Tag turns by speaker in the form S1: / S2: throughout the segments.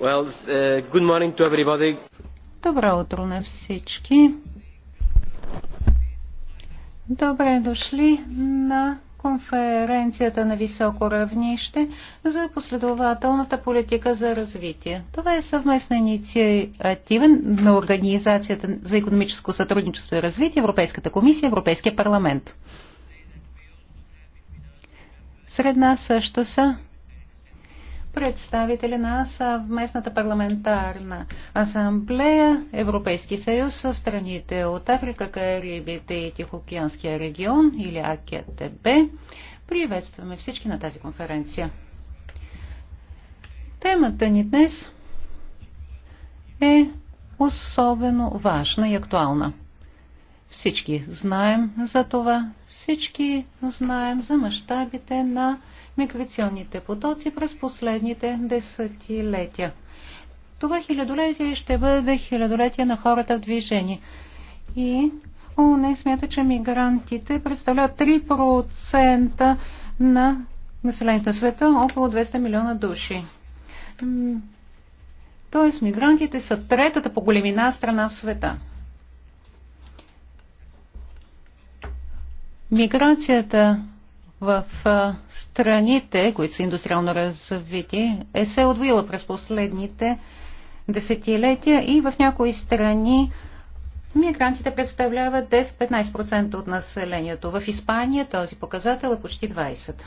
S1: Well, uh, good morning to everybody.
S2: Добро утро на всички. Добре дошли на конференцията на високо равнище за последователната политика за развитие. Това е съвместна инициатива на Организацията за економическо сътрудничество и развитие, Европейската комисия, Европейския парламент. Сред нас също са представители на съвместната парламентарна асамблея Европейски съюз с страните от Африка, Карибите и Тихоокеанския регион или АКТБ. Приветстваме всички на тази конференция. Темата ни днес е особено важна и актуална. Всички знаем за това, всички знаем за мащабите на миграционните потоци през последните десетилетия. Това хилядолетие ще бъде хилядолетие на хората в движение. И не смята, че мигрантите представляват 3% на населението на света, около 200 милиона души. Тоест, мигрантите са третата по големина страна в света. Миграцията в страните, които са индустриално развити, е се отвила през последните десетилетия и в някои страни мигрантите представляват 10-15% от населението. В Испания този показател е почти 20%.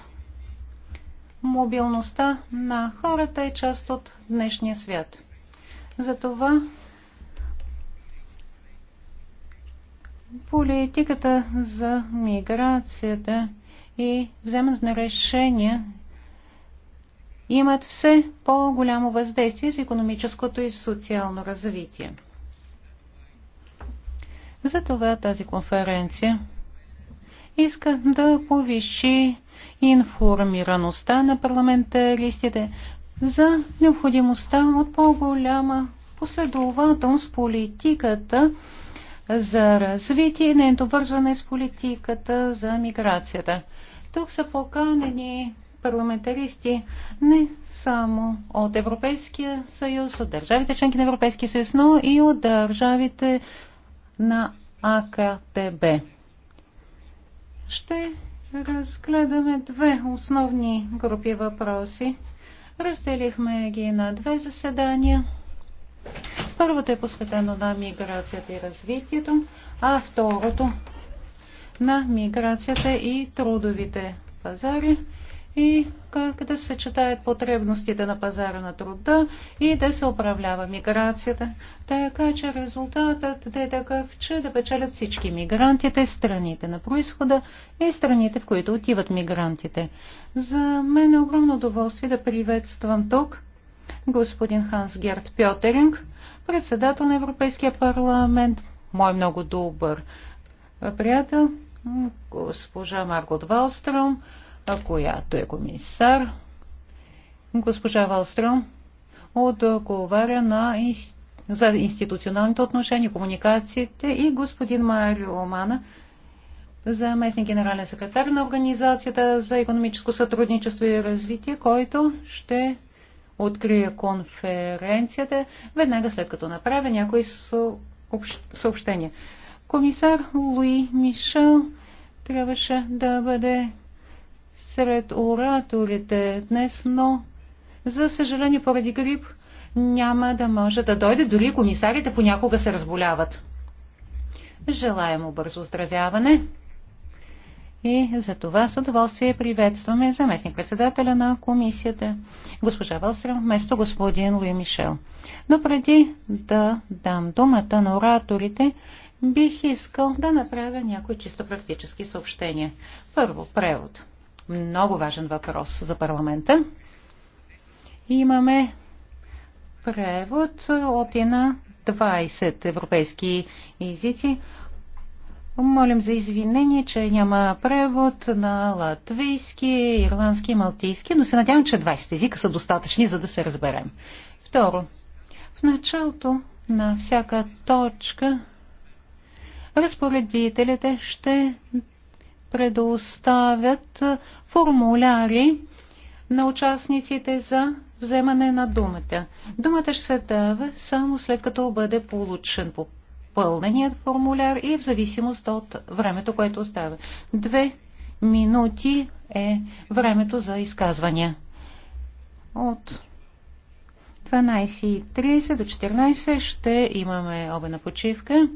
S2: Мобилността на хората е част от днешния свят. Затова политиката за миграцията и вземането на решения имат все по-голямо въздействие за економическото и социално развитие. Затова тази конференция иска да повиши информираността на парламентаристите за необходимостта от по-голяма последователност политиката за развитие и нейното вързване с политиката за миграцията. Тук са поканени парламентаристи не само от Европейския съюз, от държавите членки на Европейския съюз, но и от държавите на АКТБ. Ще разгледаме две основни групи въпроси. Разделихме ги на две заседания. Първото е посветено на миграцията и развитието, а второто на миграцията и трудовите пазари и как да се съчетаят потребностите на пазара на труда и да се управлява миграцията. Така че резултатът да е такъв, че да печелят всички мигрантите, страните на происхода и страните, в които отиват мигрантите. За мен е огромно удоволствие да приветствам тук господин Ханс Герт Пьотеринг, председател на Европейския парламент, мой много добър приятел, госпожа Маргот Валстром, която е комисар. Госпожа Валстром отговаря на за институционалните отношения, комуникациите и господин Марио Омана, заместник генерален секретар на Организацията за економическо сътрудничество и развитие, който ще открие конференцията веднага след като направя някои съобщения. Комисар Луи Мишел трябваше да бъде сред ораторите днес, но за съжаление поради грип няма да може да дойде. Дори комисарите понякога се разболяват. Желая му бързо здравяване. И за това с удоволствие приветстваме заместник председателя на комисията, госпожа Валстрем, вместо господин Луи Мишел. Но преди да дам думата на ораторите, бих искал да направя някои чисто практически съобщения. Първо, превод. Много важен въпрос за парламента. Имаме превод от и на 20 европейски езици. Молим за извинение, че няма превод на латвийски, ирландски, малтийски, но се надявам, че 20 езика са достатъчни, за да се разберем. Второ, в началото на всяка точка разпоредителите ще предоставят формуляри на участниците за вземане на думата. Думата ще се дава само след като бъде получен попълненият формуляр и в зависимост от времето, което остава. Две минути е времето за изказвания. От 12.30 до 14 ще имаме обена почивка.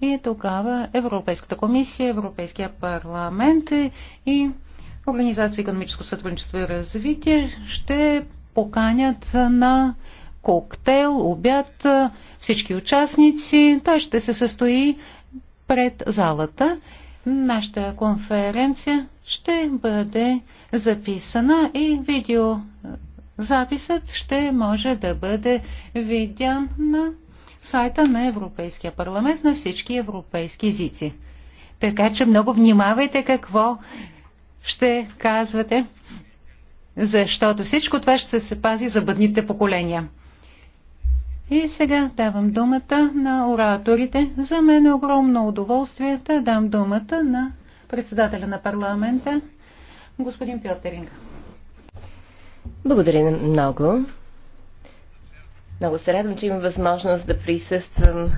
S2: И тогава Европейската комисия, Европейския парламент и Организация економическо сътрудничество и развитие ще поканят на коктейл, обяд всички участници. Той ще се състои пред залата. Нашата конференция ще бъде записана и видеозаписът ще може да бъде видян на сайта на Европейския парламент на всички европейски езици. Така че много внимавайте какво ще казвате, защото всичко това ще се пази за бъдните поколения. И сега давам думата на ораторите. За мен е огромно удоволствие да дам думата на председателя на парламента, господин Пьотеринг.
S1: Благодаря много. Много се радвам, че имам възможност да присъствам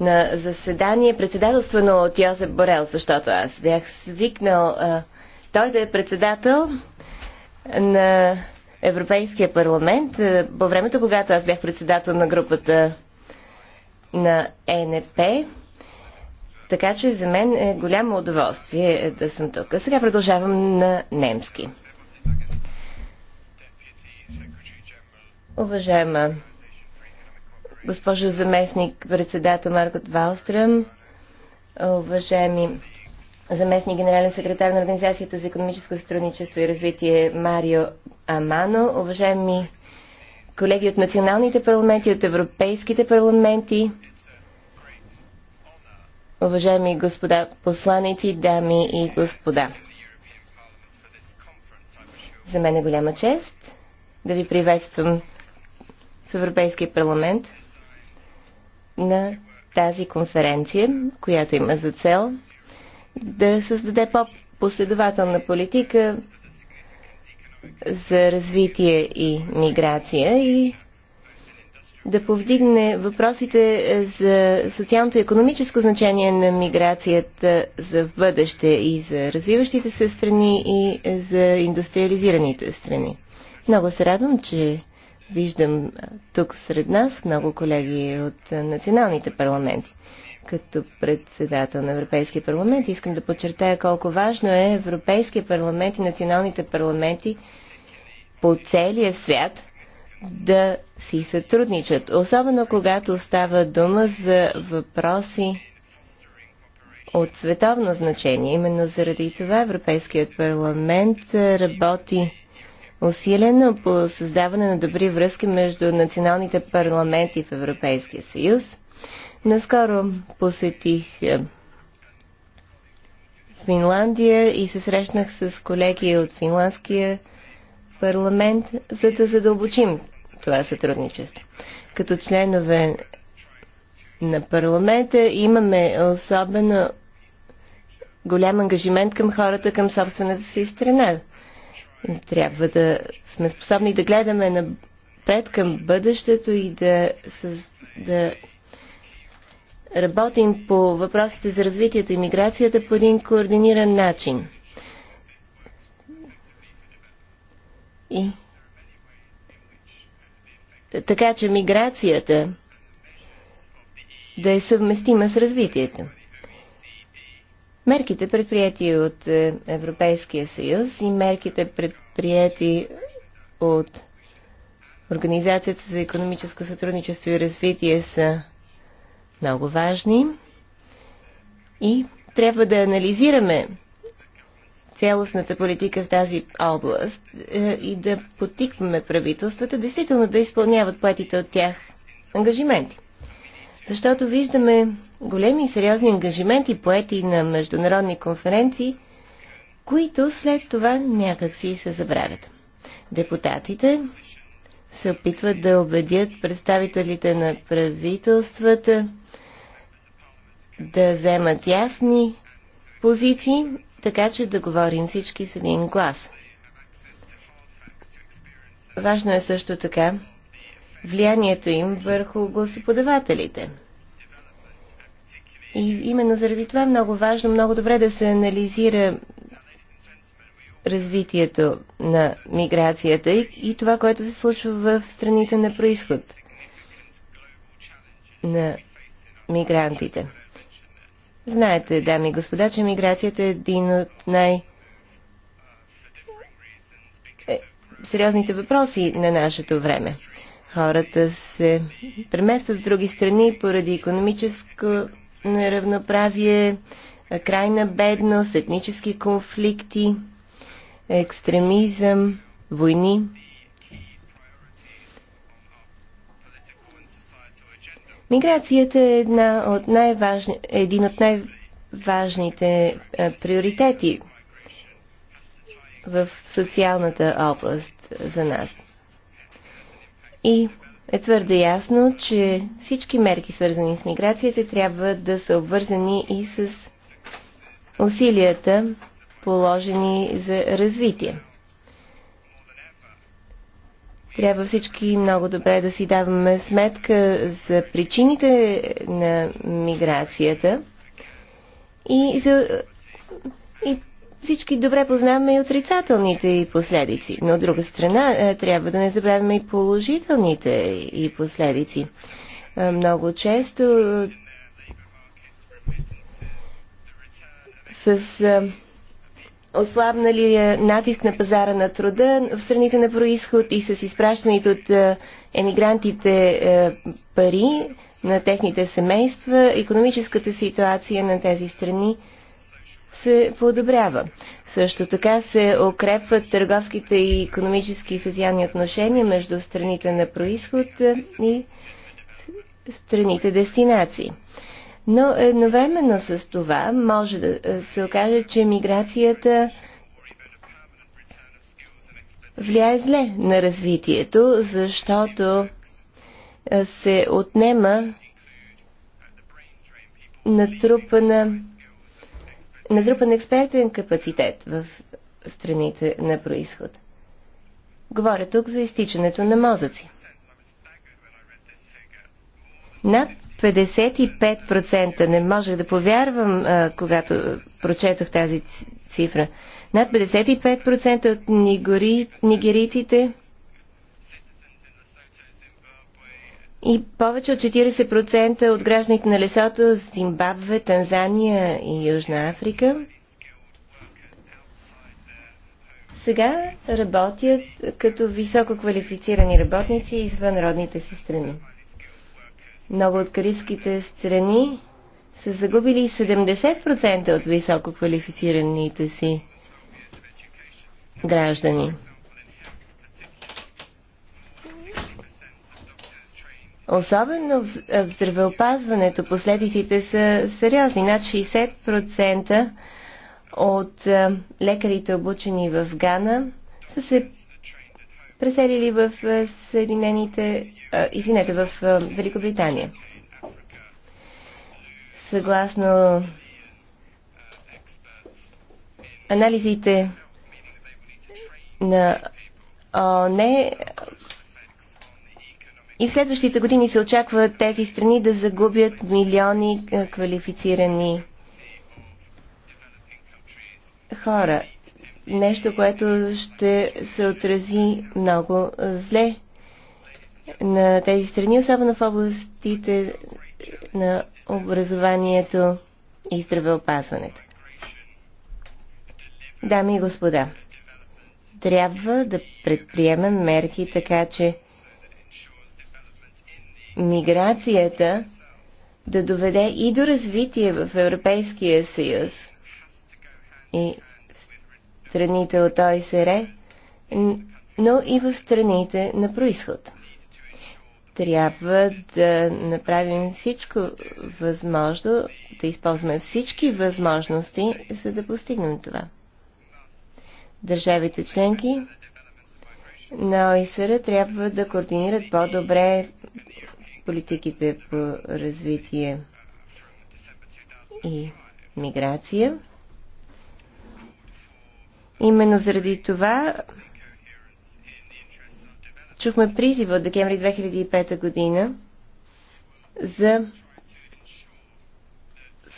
S1: на заседание, председателствено от Йозеф Борел, защото аз бях свикнал а, той да е председател на Европейския парламент. А, по времето, когато аз бях председател на групата на ЕНП, така че за мен е голямо удоволствие е, да съм тук. сега продължавам на немски. Уважаема госпожо заместник председател Маркот Валстръм, уважаеми заместник генерален секретар на Организацията за економическо сътрудничество и развитие Марио Амано, уважаеми колеги от националните парламенти, от европейските парламенти, уважаеми господа посланици, дами и господа. За мен е голяма чест да ви приветствам в Европейския парламент – на тази конференция, която има за цел да създаде по-последователна политика за развитие и миграция и да повдигне въпросите за социалното и економическо значение на миграцията за в бъдеще и за развиващите се страни и за индустриализираните страни. Много се радвам, че виждам тук сред нас много колеги от националните парламенти. Като председател на Европейския парламент искам да подчертая колко важно е Европейския парламент и националните парламенти по целия свят да си сътрудничат, особено когато става дума за въпроси от световно значение. Именно заради това Европейският парламент работи усилено по създаване на добри връзки между националните парламенти в Европейския съюз. Наскоро посетих е, Финландия и се срещнах с колеги от финландския парламент, за да задълбочим това сътрудничество. Като членове на парламента имаме особено голям ангажимент към хората, към собствената си страна. Трябва да сме способни да гледаме напред към бъдещето и да, да работим по въпросите за развитието и миграцията по един координиран начин. И така че миграцията да е съвместима с развитието. Мерките, предприяти от е, Европейския съюз и мерките, предприяти от Организацията за економическо сътрудничество и развитие са много важни и трябва да анализираме цялостната политика в тази област е, и да потикваме правителствата действително да изпълняват платите от тях ангажименти. Защото виждаме големи и сериозни ангажименти, поети на международни конференции, които след това някакси се забравят. Депутатите се опитват да убедят представителите на правителствата да вземат ясни позиции, така че да говорим всички с един глас. Важно е също така влиянието им върху гласоподавателите. И именно заради това е много важно, много добре да се анализира развитието на миграцията и, и това, което се случва в страните на происход на мигрантите. Знаете, дами и господа, че миграцията е един от най- е, сериозните въпроси на нашето време. Хората се преместват в други страни поради економическо неравноправие, крайна бедност, етнически конфликти, екстремизъм, войни. Миграцията е една от най-важни, един от най-важните приоритети в социалната област за нас. И е твърде ясно, че всички мерки, свързани с миграцията, трябва да са обвързани и с усилията, положени за развитие. Трябва всички много добре да си даваме сметка за причините на миграцията и, за, и всички добре познаваме и отрицателните и последици, но от друга страна е, трябва да не забравяме и положителните и последици. Е, много често е, с ослабнали натиск на пазара на труда в страните на происход и с изпращаните от емигрантите пари на техните семейства, економическата ситуация на тези страни се подобрява. Също така се укрепват търговските и економически и социални отношения между страните на происход и страните дестинации. Но едновременно с това може да се окаже, че миграцията влияе зле на развитието, защото се отнема натрупана натрупан експертен капацитет в страните на происход. Говоря тук за изтичането на мозъци. Над 55% не можех да повярвам, когато прочетох тази цифра. Над 55% от нигорий, нигерийците И повече от 40% от гражданите на Лесото, Зимбабве, Танзания и Южна Африка сега работят като високо квалифицирани работници извън родните си страни. Много от карибските страни са загубили 70% от високо квалифицираните си граждани. Особено в здравеопазването последиците са сериозни. Над 60% от е, лекарите обучени в Гана са се преселили в е, Съединените, е, извинете, в Великобритания. Съгласно анализите на не и в следващите години се очаква тези страни да загубят милиони е, квалифицирани хора. Нещо, което ще се отрази много зле на тези страни, особено в областите на образованието и здравеопазването. Дами и господа, трябва да предприемем мерки така, че миграцията да доведе и до развитие в Европейския съюз и страните от ОСР, но и в страните на происход. Трябва да направим всичко възможно, да използваме всички възможности, за да постигнем това. Държавите членки на ОИСР трябва да координират по-добре политиките по развитие и миграция. Именно заради това чухме призива от декември 2005 година за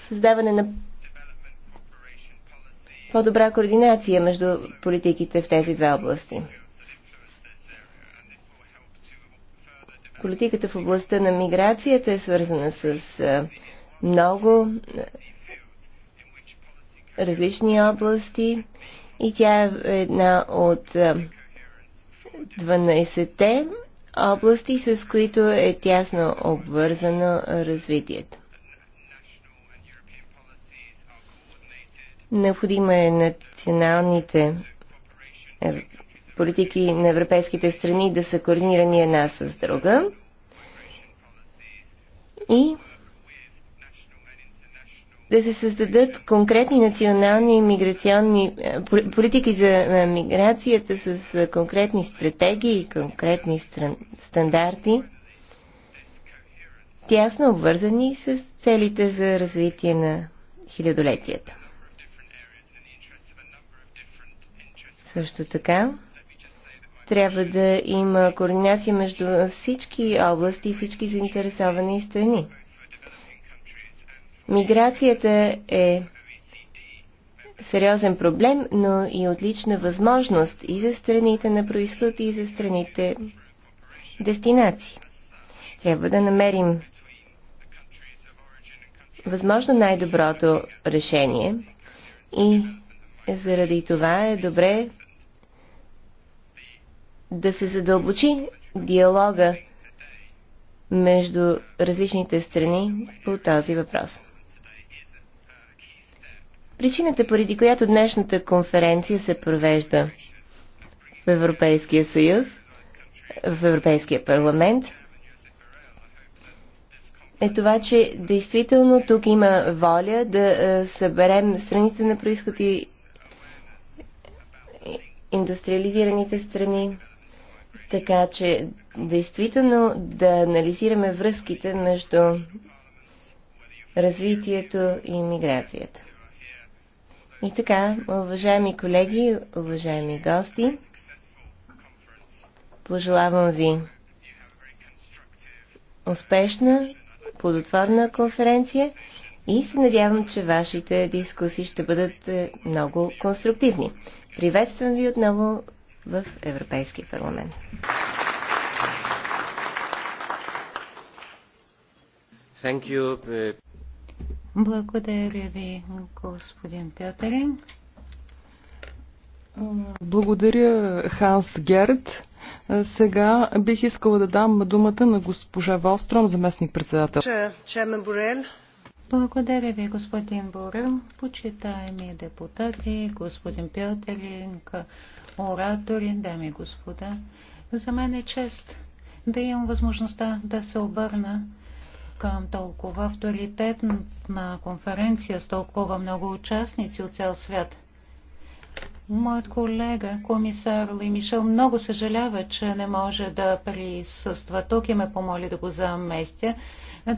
S1: създаване на по-добра координация между политиките в тези две области. Политиката в областта на миграцията е свързана с много различни области и тя е една от 12-те области, с които е тясно обвързано развитието. Необходимо е националните политики на европейските страни да са координирани една с друга. И да се създадат конкретни национални миграционни е, политики за е, миграцията с е, конкретни стратегии и конкретни стандарти, тясно обвързани с целите за развитие на хилядолетията. Също така, трябва да има координация между всички области и всички заинтересовани страни. Миграцията е сериозен проблем, но и отлична възможност и за страните на происход, и за страните дестинации. Трябва да намерим възможно най-доброто решение и заради това е добре да се задълбочи диалога между различните страни по този въпрос. Причината, поради която днешната конференция се провежда в Европейския съюз, в Европейския парламент, е това, че действително тук има воля да е, съберем страните на происход и индустриализираните страни, така че, действително, да анализираме връзките между развитието и миграцията. И така, уважаеми колеги, уважаеми гости, пожелавам ви успешна, плодотворна конференция и се надявам, че вашите дискусии ще бъдат е, много конструктивни. Приветствам ви отново в Европейския парламент.
S2: Благодаря ви, господин Пьотерин.
S3: Благодаря, Ханс Герд. Сега бих искала да дам думата на госпожа Волстром, заместник председател.
S2: Благодаря ви, господин Борел, почитаеми депутати, господин Пьотеринг, оратори, дами и господа. За мен е чест да имам възможността да се обърна към толкова авторитетна конференция с толкова много участници от цял свят. Моят колега, комисар Ли Мишел, много съжалява, че не може да присъства тук и ме помоли да го заместя.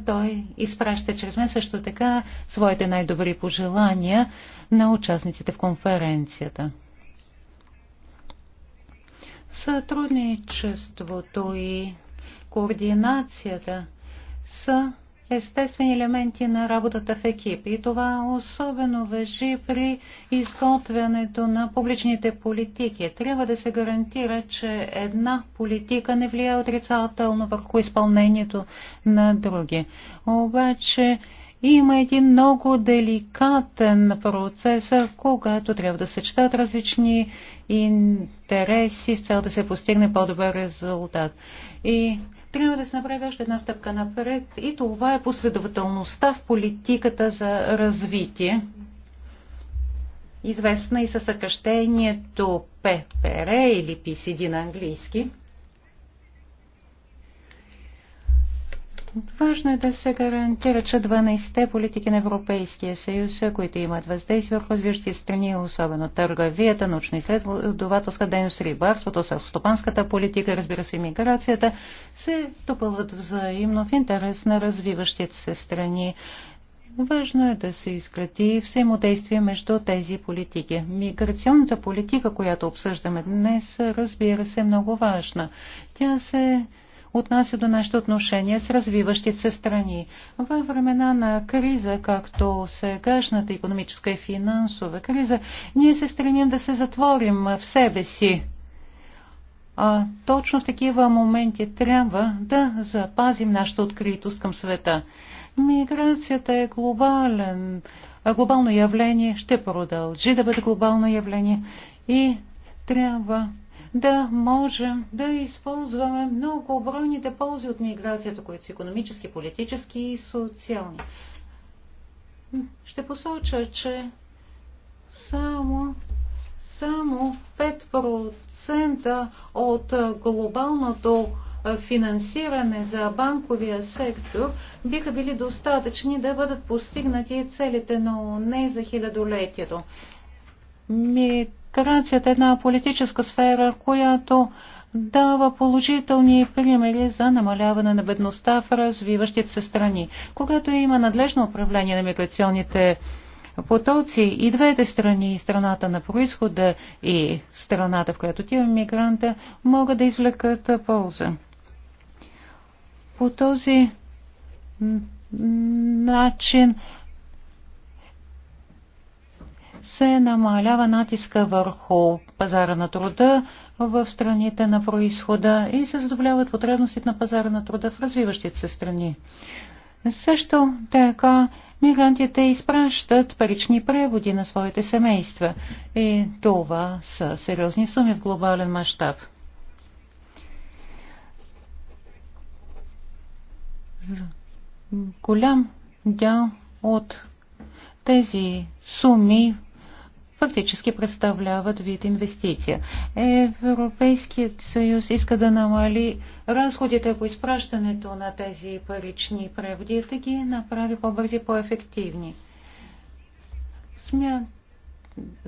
S2: Той изпраща чрез мен също така своите най-добри пожелания на участниците в конференцията. Сътрудничеството и координацията са естествени елементи на работата в екип. И това особено въжи при изготвянето на публичните политики. Трябва да се гарантира, че една политика не влияе отрицателно върху изпълнението на други. Обаче и има един много деликатен процес, когато трябва да съчетат различни интереси с цел да се постигне по-добър резултат. И трябва да се направи още една стъпка напред и това е последователността в политиката за развитие, известна и със съкъщението ППР или PCD на английски – Важно е да се гарантира, че 12-те политики на Европейския съюз, които имат въздействие върху развиващи страни, особено търговията, научно-изследователска дейност, рибарството, селскостопанската политика, разбира се, миграцията, се допълват взаимно в интерес на развиващите се страни. Важно е да се изкрати взаимодействие между тези политики. Миграционната политика, която обсъждаме днес, разбира се, е много важна. Тя се отнася до нашите отношения с развиващите се страни. Във времена на криза, както сегашната економическа и финансова криза, ние се стремим да се затворим в себе си. А точно в такива моменти трябва да запазим нашата откритост към света. Миграцията е глобален, глобално явление, ще продължи да бъде глобално явление и трябва да можем да използваме многобройните ползи от миграцията, които са економически, политически и социални. Ще посоча, че само само 5% от глобалното финансиране за банковия сектор биха били достатъчни да бъдат постигнати целите но не за хилядолетието. Ми Декларацията е една политическа сфера, която дава положителни примери за намаляване на бедността в развиващите се страни. Когато има надлежно управление на миграционните потоци и двете страни, страната на происхода и страната, в която тива мигранта, могат да извлекат полза. По този начин се намалява натиска върху пазара на труда в страните на происхода и се задоволяват потребностите на пазара на труда в развиващите се страни. Също така мигрантите изпращат парични преводи на своите семейства и това са сериозни суми в глобален мащаб. Голям дял от тези суми фактически представляват вид инвестиция. Европейският съюз иска да намали разходите по изпращането на тези парични преводи, да ги направи по-бързи, по-ефективни. Смятам,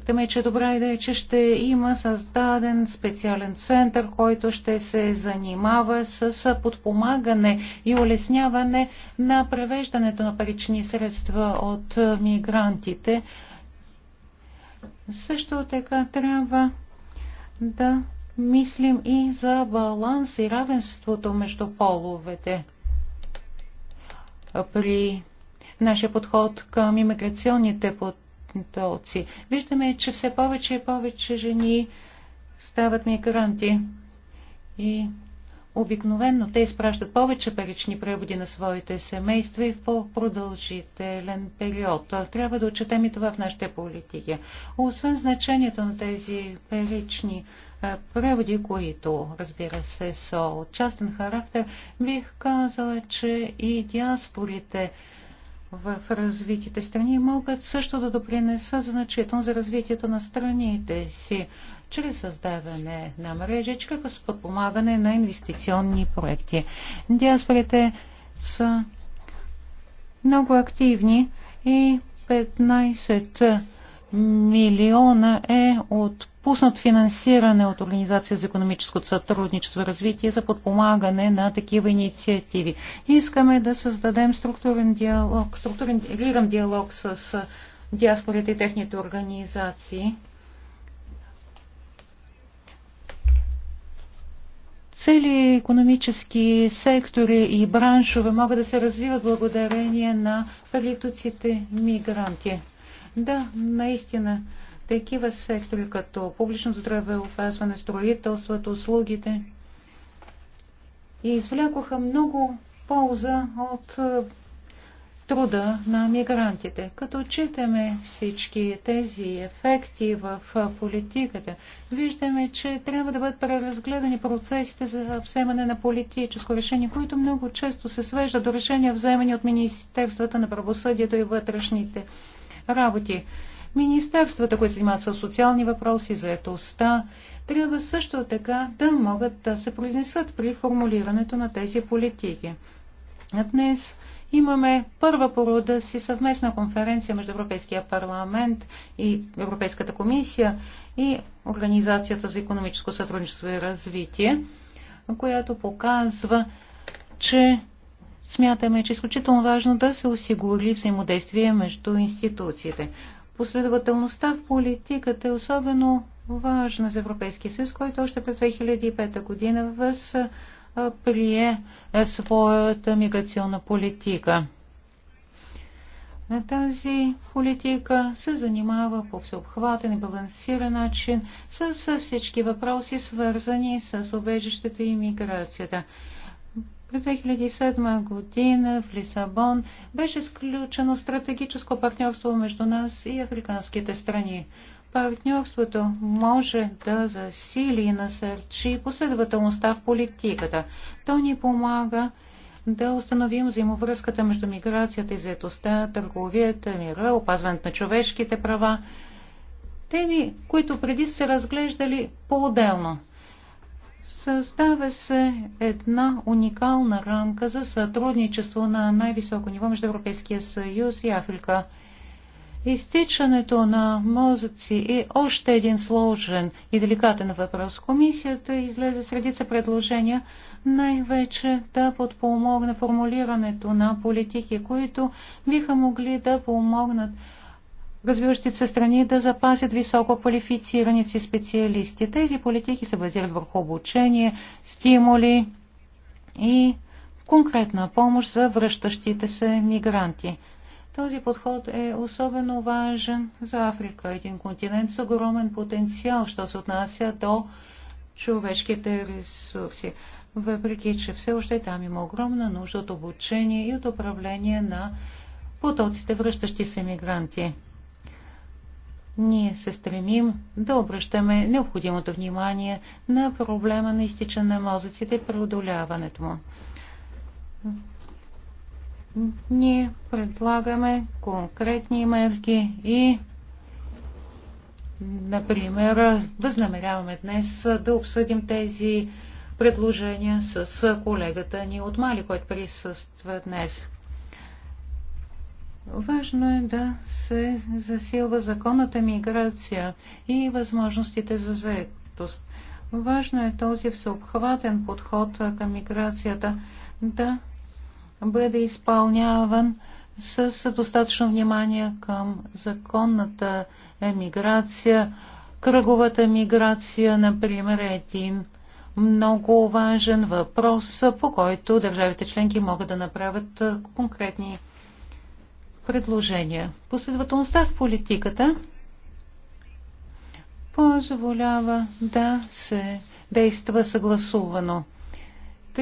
S2: Тъме, че добра идея, е, че ще има създаден специален център, който ще се занимава с подпомагане и улесняване на превеждането на парични средства от мигрантите също така трябва да мислим и за баланс и равенството между половете. При нашия подход към иммиграционните потоци виждаме, че все повече и повече жени стават мигранти. И Обикновенно те изпращат повече парични преводи на своите семейства и в по-продължителен период. Трябва да отчетем и това в нашите политики. Освен значението на тези парични преводи, които, разбира се, са от частен характер, бих казала, че и диаспорите в развитите страни могат също да допринесат значително за развитието на страните си чрез създаване на мрежичка с подпомагане на инвестиционни проекти. Диаспорите са много активни и 15 милиона е отпуснат финансиране от Организация за економическото сътрудничество и развитие за подпомагане на такива инициативи. Искаме да създадем структурен диалог, структурен диалог с диаспорите и техните организации цели економически сектори и браншове могат да се развиват благодарение на притоците мигранти. Да, наистина, такива сектори като публично здравеопазване, строителството, услугите и извлякоха много полза от труда на мигрантите. Като читаме всички тези ефекти в политиката, виждаме, че трябва да бъдат преразгледани процесите за вземане на политическо решение, които много често се свежда до решения вземани от Министерствата на правосъдието и вътрешните работи. Министерствата, които занимават с социални въпроси, заетостта, трябва също така да могат да се произнесат при формулирането на тези политики. Днес имаме първа порода си съвместна конференция между Европейския парламент и Европейската комисия и Организацията за економическо сътрудничество и развитие, която показва, че смятаме, че е изключително важно да се осигури взаимодействие между институциите. Последователността в политиката е особено важна за Европейския съюз, който още през 2005 година въз прие е, своята миграционна политика. На тази политика се занимава по всеобхватен и балансиран начин с, всички въпроси, свързани с убежището и миграцията. През 2007 година в Лисабон беше сключено стратегическо партньорство между нас и африканските страни партньорството може да засили и насърчи последователността в политиката. То ни помага да установим взаимовръзката между миграцията и заедостта, търговията, мира, опазването на човешките права. Теми, които преди се разглеждали по-отделно. Създава се една уникална рамка за сътрудничество на най-високо ниво между Европейския съюз и Африка – Изтичането на мозъци е още един сложен и деликатен въпрос. Комисията излезе с редица предложения, най-вече да подпомогне формулирането на политики, които биха могли да помогнат развиващите се страни да запазят високо квалифицирани си специалисти. Тези политики се базират върху обучение, стимули и конкретна помощ за връщащите се мигранти. Този подход е особено важен за Африка, един континент с огромен потенциал, що се отнася до човешките ресурси. Въпреки, че все още там има огромна нужда от обучение и от управление на потоците връщащи се мигранти. Ние се стремим да обръщаме необходимото внимание на проблема на изтичане на мозъците и преодоляването му. Ние предлагаме конкретни мерки и, например, възнамеряваме днес да обсъдим тези предложения с колегата ни от Мали, който присъства днес. Важно е да се засилва законната миграция и възможностите за заетост. Важно е този всеобхватен подход към миграцията да бъде изпълняван с достатъчно внимание към законната емиграция. Кръговата миграция, например, е един много важен въпрос, по който държавите членки могат да направят конкретни предложения. Последователността в политиката позволява да се действа съгласувано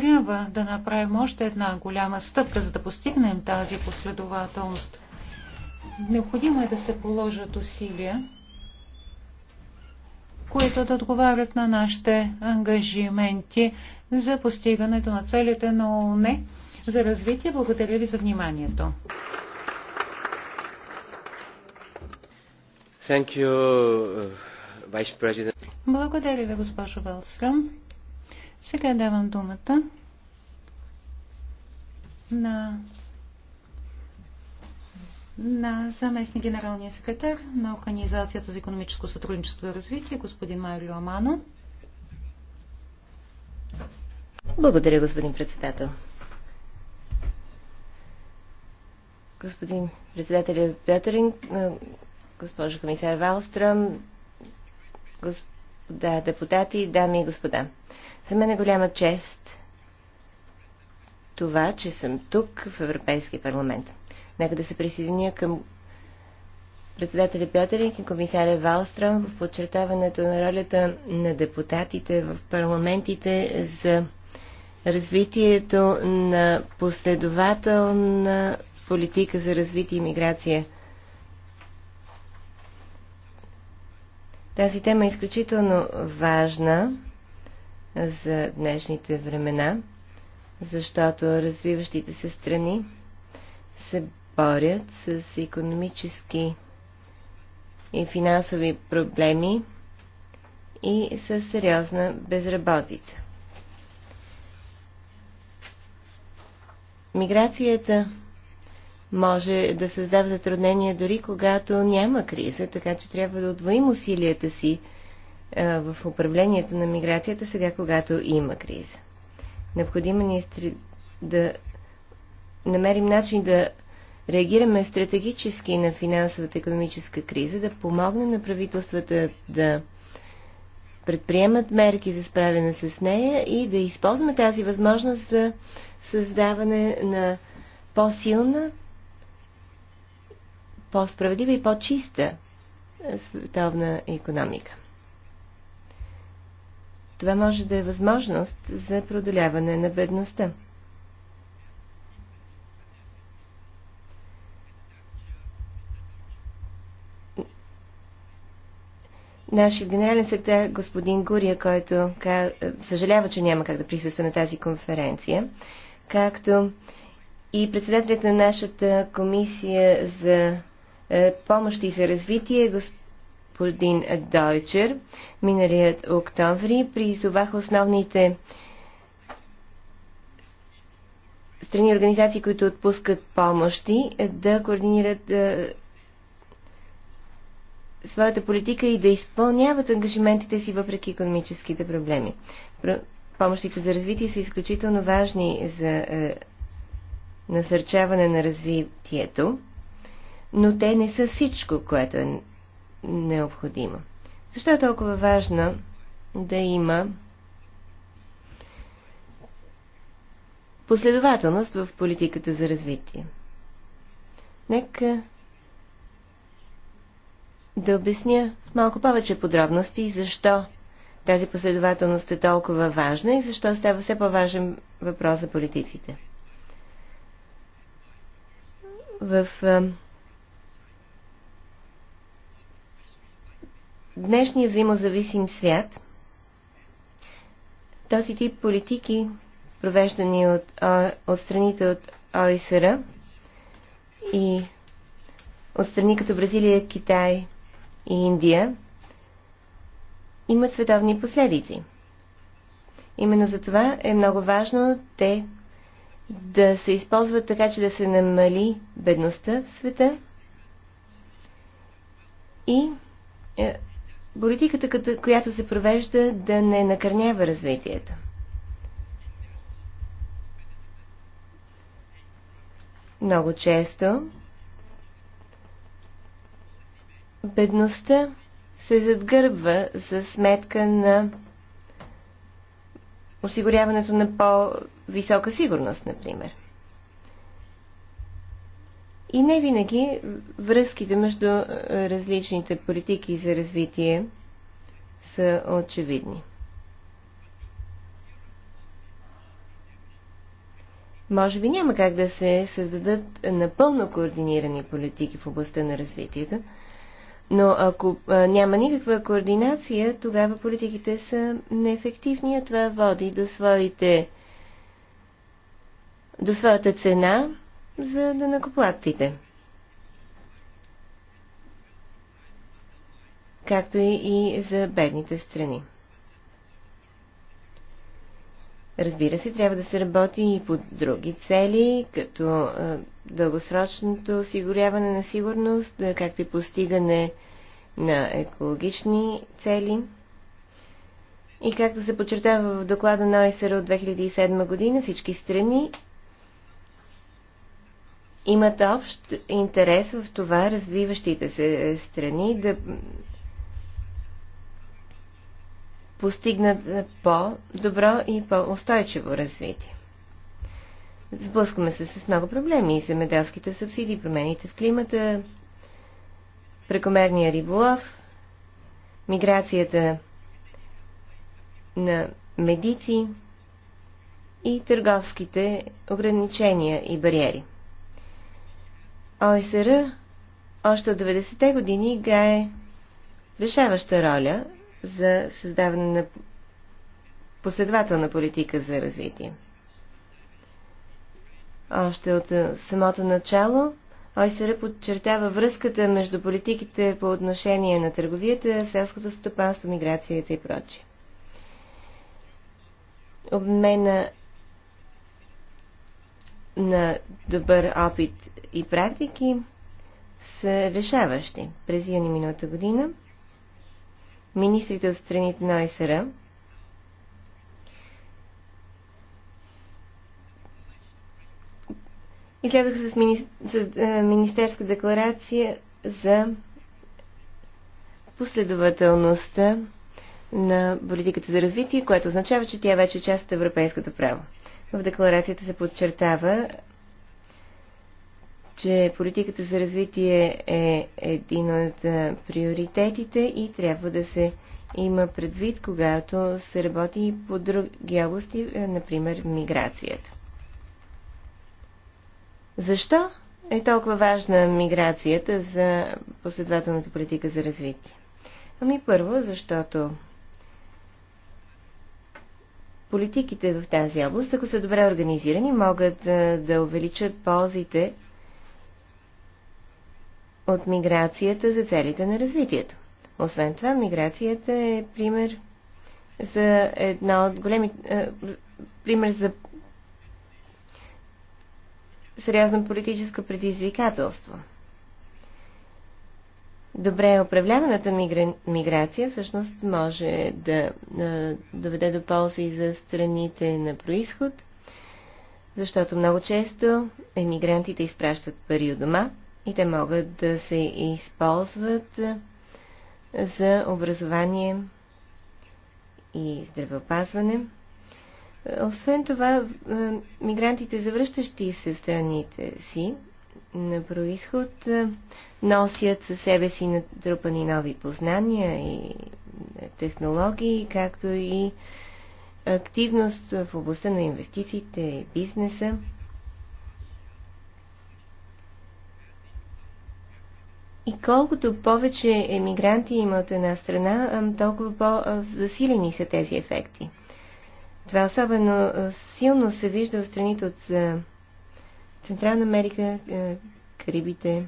S2: трябва да направим още една голяма стъпка, за да постигнем тази последователност. Необходимо е да се положат усилия, които да отговарят на нашите ангажименти за постигането на целите на ООН за развитие. Благодаря ви за вниманието.
S1: Thank you, uh,
S2: Vice President. Благодаря ви, госпожо Велстрам. Сега давам думата на, на заместник генералния секретар на Организацията за економическо сътрудничество и развитие, господин Майорио Амано. Благодаря,
S1: господин председател. Господин председател Пьотерин, госпожо комисар Валстрам, господин господа депутати, дами и господа. За мен е голяма чест това, че съм тук в Европейския парламент. Нека да се присъединя към председателя Пьотерин и комисаря Валстрам в подчертаването на ролята на депутатите в парламентите за развитието на последователна политика за развитие и миграция Тази тема е изключително важна за днешните времена, защото развиващите се страни се борят с економически и финансови проблеми и с сериозна безработица. Миграцията може да създава затруднения дори когато няма криза, така че трябва да отвоим усилията си в управлението на миграцията сега, когато има криза. Необходимо ни е да намерим начин да реагираме стратегически на финансовата економическа криза, да помогнем на правителствата да предприемат мерки за справяне с нея и да използваме тази възможност за създаване на по-силна по-справедлива и по-чиста е, световна економика. Това може да е възможност за продоляване на бедността. Нашият генерален секретар господин Гурия, който съжалява, че няма как да присъства на тази конференция, както и председателят на нашата комисия за е, помощи за развитие, господин Дойчер, миналият октомври призовах основните страни организации, които отпускат помощи, да координират е, своята политика и да изпълняват ангажиментите си въпреки економическите проблеми. Помощите за развитие са изключително важни за е, насърчаване на развитието но те не са всичко, което е необходимо. Защо е толкова важно да има последователност в политиката за развитие? Нека да обясня в малко повече подробности защо тази последователност е толкова важна и защо става все по-важен въпрос за политиците. В днешния взаимозависим свят този тип политики, провеждани от, от страните от ОИСР и от страни като Бразилия, Китай и Индия, имат световни последици. Именно за това е много важно те да се използват така, че да се намали бедността в света и е, политиката, която се провежда, да не накърнява развитието. Много често бедността се задгърбва за сметка на осигуряването на по-висока сигурност, например. И не винаги връзките между е, различните политики за развитие са очевидни. Може би няма как да се създадат напълно координирани политики в областта на развитието, но ако е, няма никаква координация, тогава политиките са неефективни, а това води до, своите, до своята цена за данакоплатците. Както и за бедните страни. Разбира се, трябва да се работи и по други цели, като дългосрочното осигуряване на сигурност, както и постигане на екологични цели. И както се подчертава в доклада на ОСР от 2007 година, всички страни имат общ интерес в това развиващите се страни да постигнат по-добро и по-устойчиво развитие. Сблъскваме се с много проблеми. Земеделските субсидии, промените в климата, прекомерния риболов, миграцията на медици и търговските ограничения и бариери. ОСР е още от 90-те години играе решаваща роля за създаване на последователна политика за развитие. Още от е, самото начало ОСР е подчертава връзката между политиките по отношение на търговията, селското стопанство, миграцията и прочие. Обмена на добър опит и практики са решаващи. През юни миналата година министрите от страните на ОСР излязоха с, мини... с е, министерска декларация за последователността на политиката за развитие, което означава, че тя вече е част от европейското право. В декларацията се подчертава, че политиката за развитие е един от приоритетите и трябва да се има предвид, когато се работи и по други области, например миграцията. Защо е толкова важна миграцията за последователната политика за развитие? Ами първо, защото Политиките в тази област, ако са добре организирани, могат да увеличат ползите от миграцията за целите на развитието. Освен това, миграцията е пример за една от големи... Е, пример за сериозно политическо предизвикателство – добре управляваната мигра... миграция всъщност може да доведе до ползи за страните на происход, защото много често емигрантите изпращат пари от дома и те могат да се използват за образование и здравеопазване. Освен това, мигрантите, завръщащи се в страните си, на происход носят със себе си натрупани нови познания и технологии, както и активност в областта на инвестициите и бизнеса. И колкото повече емигранти има от една страна, толкова по-засилени са тези ефекти. Това особено силно се вижда в страните от Централна Америка, е, Карибите,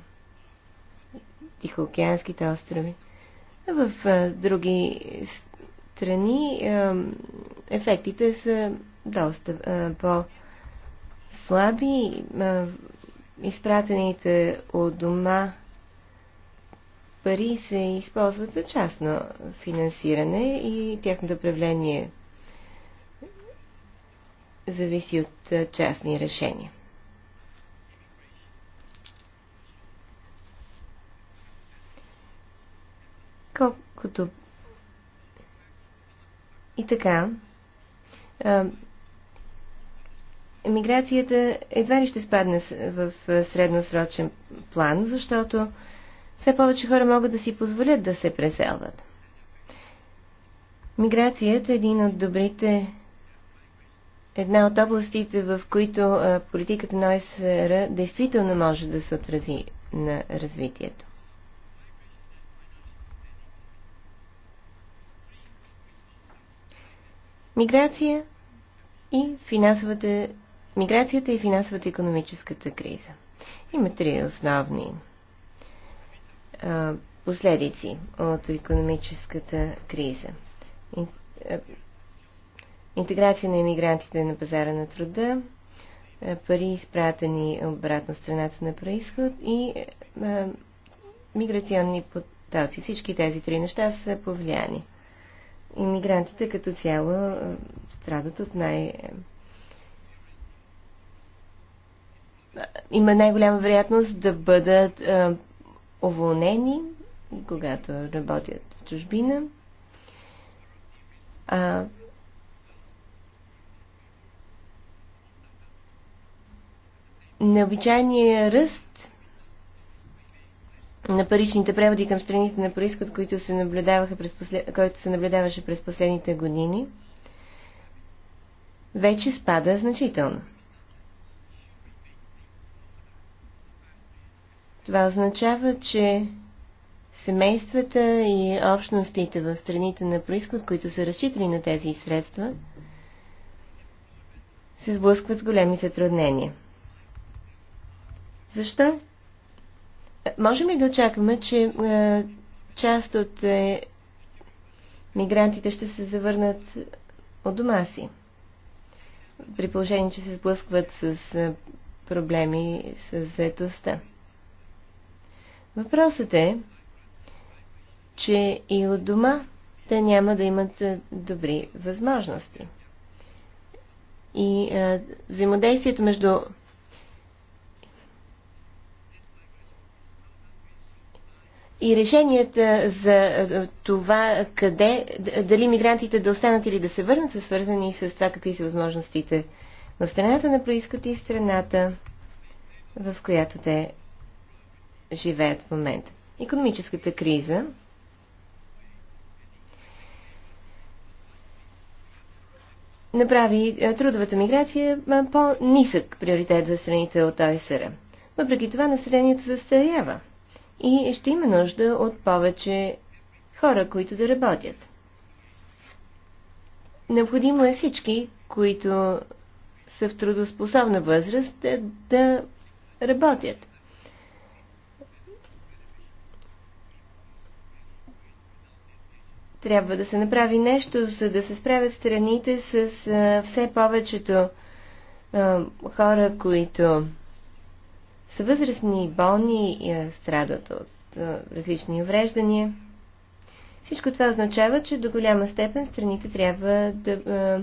S1: Тихоокеанските острови. В е, други страни е, ефектите са доста по-слаби. Изпратените от дома пари се използват за частно финансиране и тяхното управление зависи от частни решения. като... И така, емиграцията едва ли ще спадне в средносрочен план, защото все повече хора могат да си позволят да се преселват. Миграцията е един от добрите, една от областите, в които политиката на ОСР действително може да се отрази на развитието. Миграция и финансовата, миграцията и финансовата економическата криза. Има три основни а, последици от економическата криза. Интеграция на иммигрантите на пазара на труда, пари изпратени обратно в страната на происход и а, миграционни потоци. Всички тези три неща са повлияни иммигрантите като цяло е, страдат от най... Е, има най-голяма вероятност да бъдат е, уволнени, когато работят в чужбина. А, необичайният ръст на паричните преводи към страните на происход, които се наблюдаваха през послед... който се наблюдаваше през последните години, вече спада значително. Това означава, че семействата и общностите в страните на происход, които са разчитали на тези средства, се сблъскват с големи затруднения. Защо? Можем ли да очакваме, че е, част от е, мигрантите ще се завърнат от дома си? При положение, че се сблъскват с е, проблеми с заетостта. Въпросът е, че и от дома те няма да имат е, добри възможности. И е, взаимодействието между И решенията за е, това къде, дали мигрантите да останат или да се върнат, са свързани с това какви са възможностите в страната на происход и в страната, в която те живеят в момента. Економическата криза направи е, трудовата миграция е, по-нисък приоритет за страните от ОСР. Въпреки това населението застарява и ще има нужда от повече хора, които да работят. Необходимо е всички, които са в трудоспособна възраст, да, да работят. Трябва да се направи нещо, за да се справят страните с а, все повечето а, хора, които са възрастни и болни и е, страдат от е, различни увреждания. Всичко това означава, че до голяма степен страните трябва да е,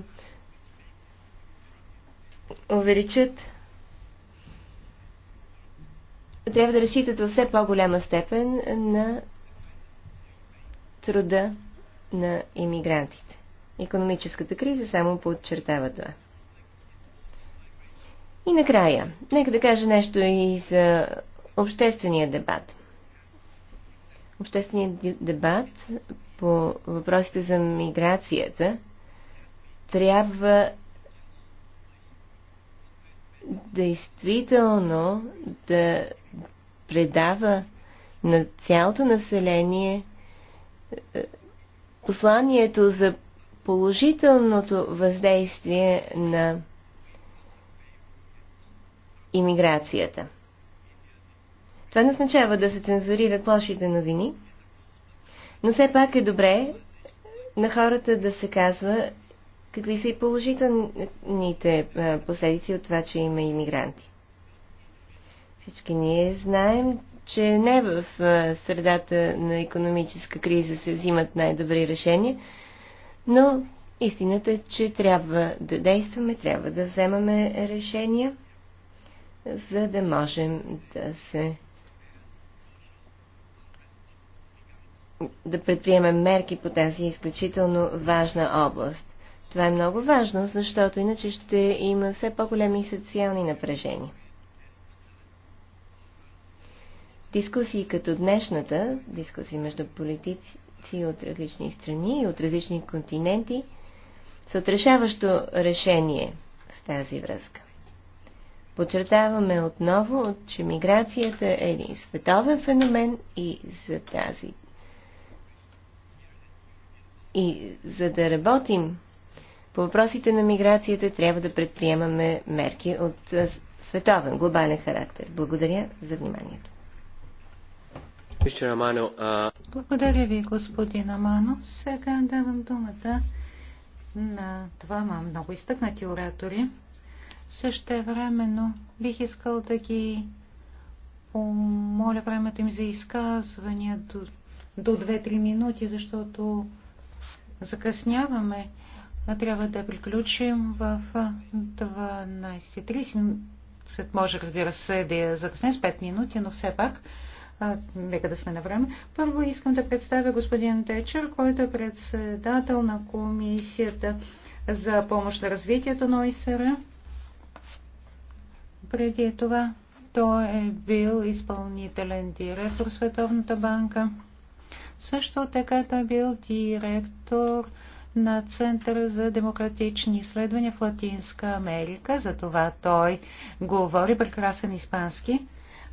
S1: увеличат трябва да разчитат във все по-голяма степен на труда на иммигрантите. Економическата криза само подчертава това. И накрая, нека да кажа нещо и за обществения дебат. Общественият дебат по въпросите за миграцията трябва действително да предава на цялото население е, посланието за положителното въздействие на иммиграцията. Това не означава да се цензурират лошите новини, но все пак е добре на хората да се казва какви са и положителните последици от това, че има иммигранти. Всички ние знаем, че не в средата на економическа криза се взимат най-добри решения, но истината е, че трябва да действаме, трябва да вземаме решения за да можем да се да предприемем мерки по тази изключително важна област. Това е много важно, защото иначе ще има все по-големи социални напрежения. Дискусии като днешната, дискусии между политици от различни страни и от различни континенти, са отрешаващо решение в тази връзка. Подчертаваме отново, че миграцията е един световен феномен и за тази. И за да работим по въпросите на миграцията трябва да предприемаме мерки от световен, глобален характер. Благодаря за вниманието.
S2: Благодаря ви, господин Амано. Сега давам думата на двама много изтъкнати оратори. Същевременно бих искал да ги помоля времето им за изказвания до, до 2-3 минути, защото закъсняваме. Трябва да приключим в 12.30. Може, разбира се, да я закъснем с 5 минути, но все пак нека да сме на време. Първо искам да представя господин Течер, който е председател на комисията за помощ на развитието на ОИСРА. Преди това той е бил изпълнителен директор Световната банка. Също така той е бил директор на Центъра за демократични изследвания в Латинска Америка. Затова той говори прекрасен испански.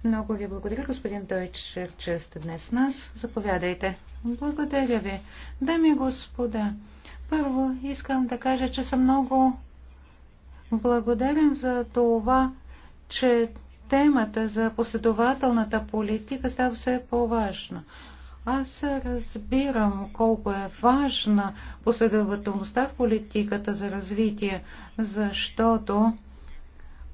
S2: Много ви благодаря, господин Дойчер, че сте днес с нас. Заповядайте. Благодаря ви. Дами и господа, първо искам да кажа, че съм много благодарен за това, че темата за последователната политика става все по-важна. Аз разбирам колко е важна последователността в политиката за развитие, защото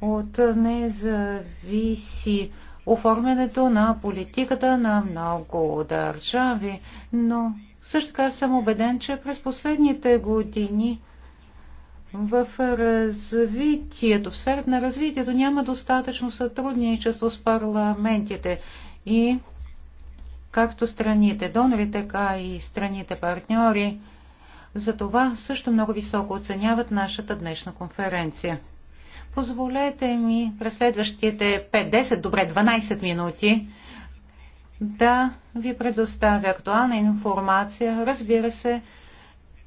S2: от нея зависи оформянето на политиката на много държави, но също така съм убеден, че през последните години в развитието, в сферата на развитието няма достатъчно сътрудничество с парламентите и както страните донори, така и страните партньори. За това също много високо оценяват нашата днешна конференция. Позволете ми през следващите 5-10, добре 12 минути да ви предоставя актуална информация, разбира се,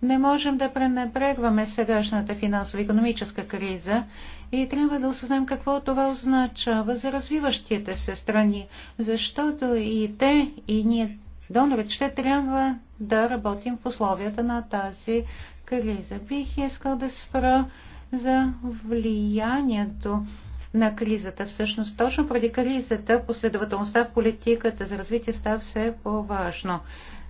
S2: не можем да пренебрегваме сегашната финансово-економическа криза и трябва да осъзнаем какво това означава за развиващите се страни, защото и те, и ние, донорите, ще трябва да работим в условията на тази криза. Бих искал да спра за влиянието на кризата. Всъщност, точно преди кризата, последователността в политиката за развитие става все по-важно.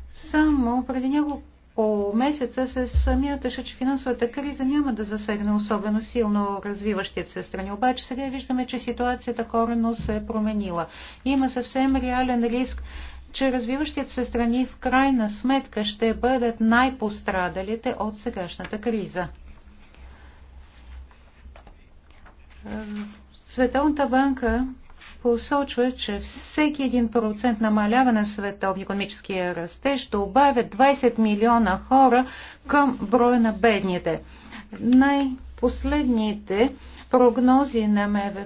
S2: Само преди няколко по месеца се смяташе, че финансовата криза няма да засегне особено силно развиващите се страни. Обаче сега виждаме, че ситуацията коренно се е променила. Има съвсем реален риск, че развиващите се страни в крайна сметка ще бъдат най-пострадалите от сегашната криза. Световната банка посочва, че всеки един процент намаляване на световния економическия растеж добавя 20 милиона хора към броя на бедните. Най-последните прогнози на МВ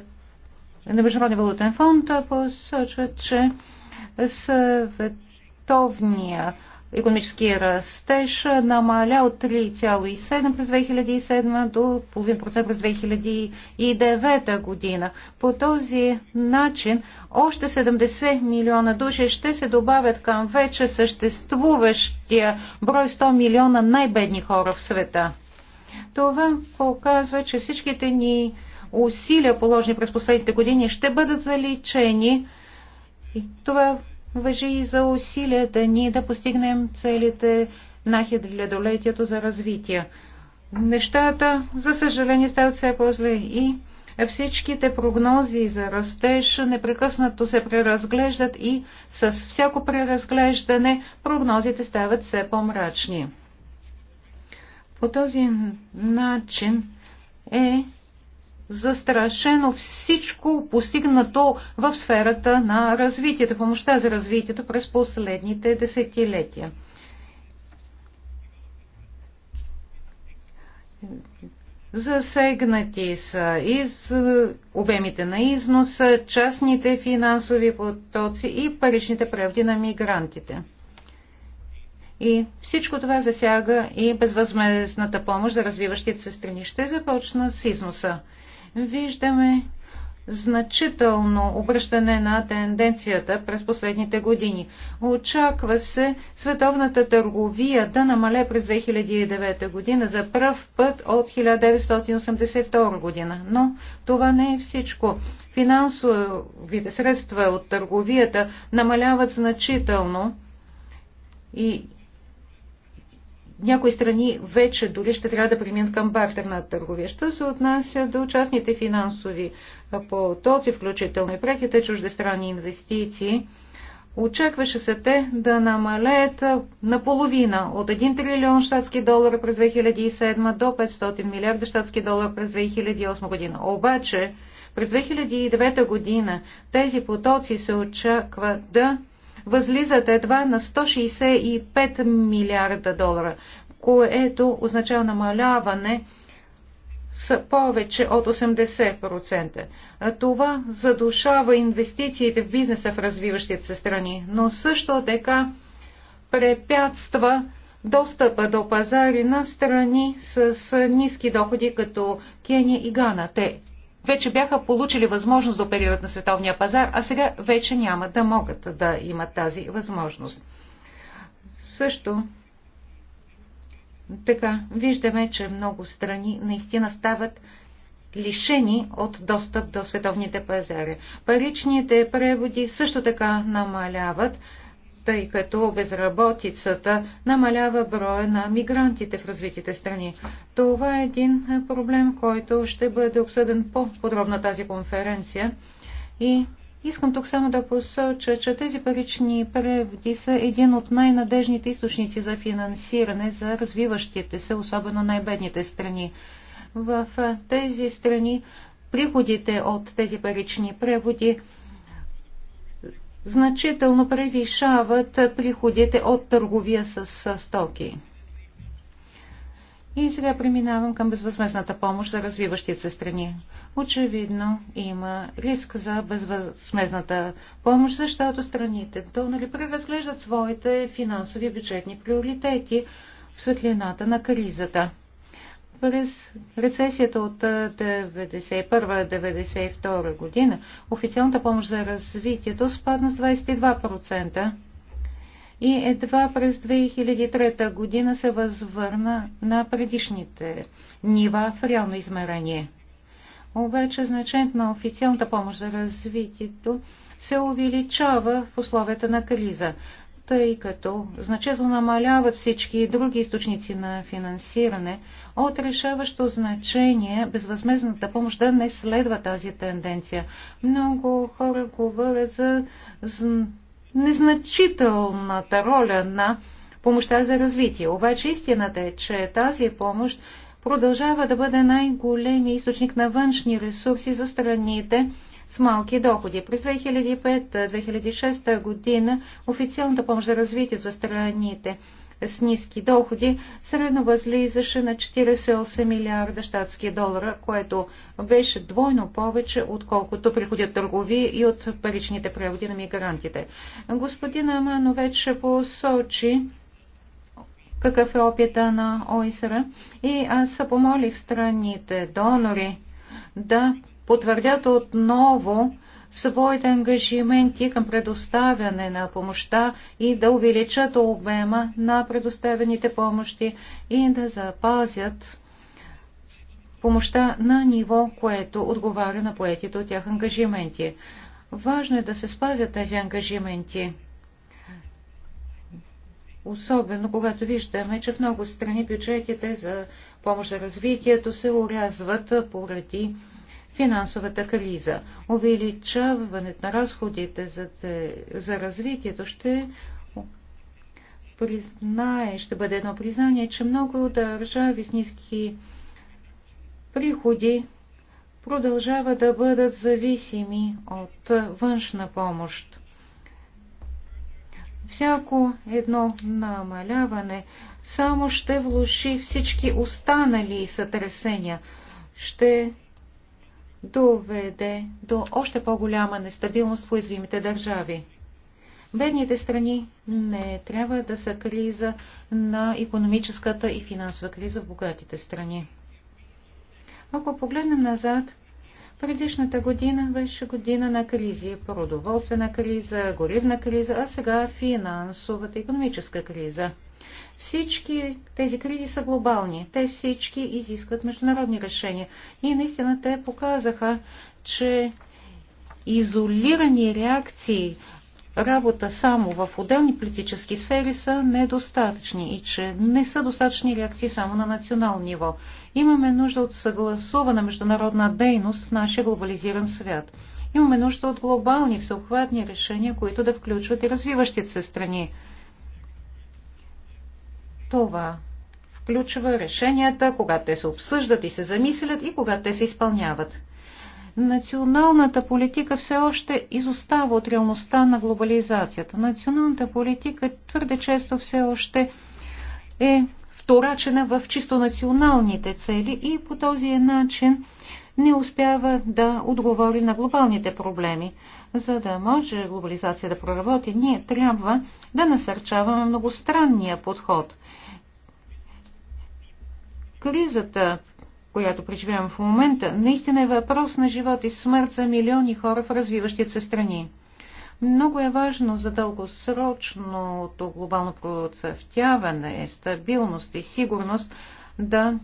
S2: на Международния валутен фонд посочват, че световния економическия растеж намаля от 3,7 през 2007 до 0,5% през 2009 година. По този начин още 70 милиона души ще се добавят към вече съществуващия брой 100 милиона най-бедни хора в света. Това показва, че всичките ни усилия, положени през последните години, ще бъдат заличени. И това въжи и за усилията ни да постигнем целите на хилядолетието за развитие. Нещата, за съжаление, стават все по-зле и всичките прогнози за растеж непрекъснато се преразглеждат и с всяко преразглеждане прогнозите стават все по-мрачни. По този начин е застрашено всичко постигнато в сферата на развитието, помощта за развитието през последните десетилетия. Засегнати са из обемите на износа, частните финансови потоци и паричните преводи на мигрантите. И всичко това засяга и безвъзмезната помощ за развиващите се страни. Ще започна с износа виждаме значително обръщане на тенденцията през последните години. Очаква се световната търговия да намале през 2009 година за пръв път от 1982 година. Но това не е всичко. Финансовите средства от търговията намаляват значително и някои страни вече дори ще трябва да преминат към бартерна търговия. Що се отнася до частните финансови потоци, включително и преките чуждестранни инвестиции, очакваше се те да намалеят наполовина от 1 трилион щатски долара през 2007 до 500 милиарда щатски долара през 2008 година. Обаче през 2009 година тези потоци се очаква да възлизат едва на 165 милиарда долара, което означава намаляване с повече от 80%. Това задушава инвестициите в бизнеса в развиващите се страни, но също така препятства достъпа до пазари на страни с ниски доходи, като Кения и Гана. Те вече бяха получили възможност да оперират на световния пазар, а сега вече няма да могат да имат тази възможност. Също така виждаме, че много страни наистина стават лишени от достъп до световните пазари. Паричните преводи също така намаляват тъй като безработицата намалява броя на мигрантите в развитите страни. Това е един проблем, който ще бъде обсъден по-подробно тази конференция. И искам тук само да посоча, че тези парични преводи са един от най-надежните източници за финансиране за развиващите се, особено най-бедните страни. В тези страни приходите от тези парични преводи значително превишават приходите от търговия с стоки. И сега преминавам към безвъзмезната помощ за развиващите се страни. Очевидно има риск за безвъзмезната помощ, защото страните донали преразглеждат своите финансови бюджетни приоритети в светлината на кризата. През рецесията от 1991-1992 година официалната помощ за развитието спадна с 22% и едва през 2003 година се възвърна на предишните нива в реално измерение. Обаче значението на официалната помощ за развитието се увеличава в условията на криза тъй като значително намаляват всички други източници на финансиране, от решаващо значение безвъзмезната помощ да не следва тази тенденция. Много хора говорят за незначителната роля на помощта за развитие. Обаче истината е, че тази помощ продължава да бъде най-големият източник на външни ресурси за страните, с малки доходи. През 2005-2006 година официалната помощ за развитие за страните с ниски доходи средно възлизаше на 48 милиарда щатски долара, което беше двойно повече, отколкото приходят търгови и от паричните преводи на мигрантите. Господин Аману вече посочи какъв е опита на ОИСР и аз помолих страните донори да потвърдят отново своите ангажименти към предоставяне на помощта и да увеличат обема на предоставените помощи и да запазят помощта на ниво, което отговаря на поетите от тях ангажименти. Важно е да се спазят тези ангажименти. Особено когато виждаме, че в много страни бюджетите за помощ за развитието се урязват поради финансовата криза. Увеличаването на разходите за, за развитието ще признае, ще бъде едно признание, че много държави с ниски приходи продължава да бъдат зависими от външна помощ. Всяко едно намаляване само ще влуши всички останали сътресения, ще доведе до още по-голяма нестабилност в уязвимите държави. Бедните страни не трябва да са криза на економическата и финансова криза в богатите страни. Ако погледнем назад, предишната година беше година на кризи, продоволствена криза, горивна криза, а сега финансовата и економическа криза – всички тези кризи са глобални. Те всички изискват международни решения. И наистина те показаха, че изолирани реакции, работа само в отделни политически сфери са недостатъчни и че не са достатъчни реакции само на национално ниво. Имаме нужда от съгласувана международна дейност в нашия глобализиран свят. Имаме нужда от глобални всеобхватни решения, които да включват и развиващите се страни. Това включва решенията, когато те се обсъждат и се замислят и когато те се изпълняват. Националната политика все още изостава от реалността на глобализацията. Националната политика твърде често все още е вторачена в чисто националните цели и по този начин не успява да отговори на глобалните проблеми. За да може глобализация да проработи, ние трябва да насърчаваме многостранния подход – Кризата, която преживявам в момента, наистина е въпрос на живот и смърт за милиони хора в развиващите се страни. Много е важно за дългосрочното глобално процъфтяване, стабилност и сигурност да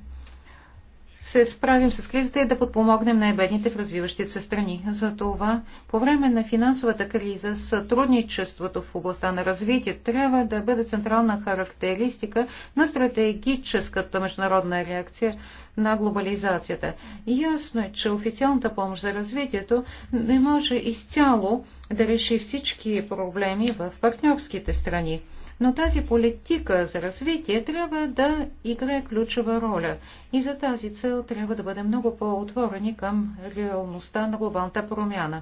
S2: се справим с кризата и да подпомогнем най-бедните в развиващите се страни. Затова по време на финансовата криза сътрудничеството в областта на развитие трябва да бъде централна характеристика на стратегическата международна реакция на глобализацията. Ясно е, че официалната помощ за развитието не може изцяло да реши всички проблеми в партньорските страни. Но тази политика за развитие трябва да играе ключова роля и за тази цел трябва да бъде много по-отворени към реалността на глобалната промяна.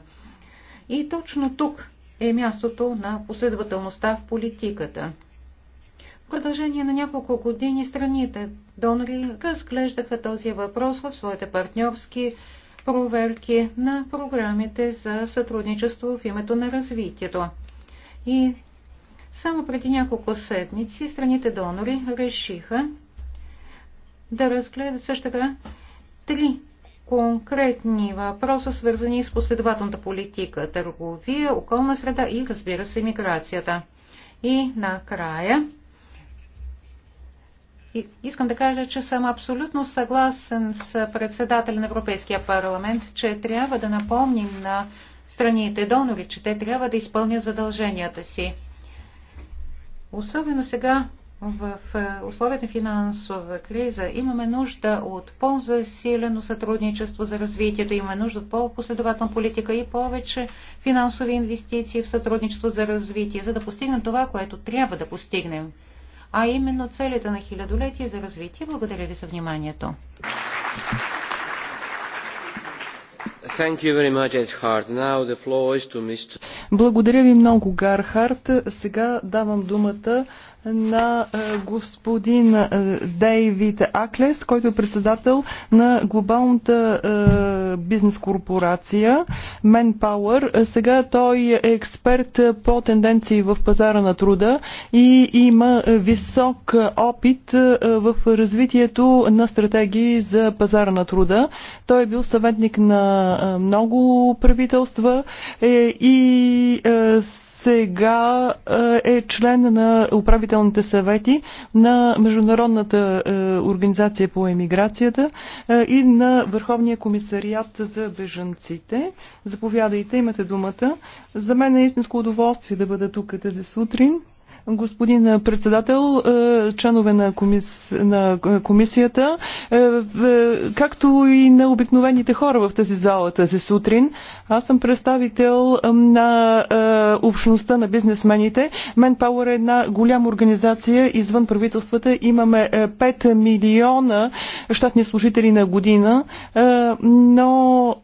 S2: И точно тук е мястото на последователността в политиката. В продължение на няколко години страните донори разглеждаха този въпрос в своите партньорски проверки на програмите за сътрудничество в името на развитието. И само преди няколко седмици страните донори решиха да разгледат също така три конкретни въпроса, свързани с последователната политика, търговия, околна среда и, разбира се, миграцията. И накрая и искам да кажа, че съм абсолютно съгласен с председателя на Европейския парламент, че трябва да напомним на страните донори, че те трябва да изпълнят задълженията си. Особено сега в е, условията на финансова криза имаме нужда от по-засилено сътрудничество за развитието, имаме нужда от по-последователна политика и повече финансови инвестиции в сътрудничество за развитие, за да постигнем това, което трябва да постигнем, а именно целите на хилядолетие за развитие. Благодаря ви за вниманието. Благодаря ви много, Гархард.
S3: Сега давам думата на е, господин е, Дейвид Аклес, който е председател на глобалната е, бизнес корпорация Manpower. Сега той е експерт по тенденции в пазара на труда и има висок опит в развитието на стратегии за пазара на труда. Той е бил съветник на много правителства и сега е, е член на управителните съвети на Международната е, организация по емиграцията е, и на Върховния комисариат за бежанците. Заповядайте, имате думата. За мен е истинско удоволствие да бъда тук тази сутрин. Господин председател, е, членове на, комис... на е, комисията, е, както и на обикновените хора в тази зала тази сутрин, аз съм представител на общността на бизнесмените. Manpower е една голяма организация извън правителствата. Имаме 5 милиона щатни служители на година, но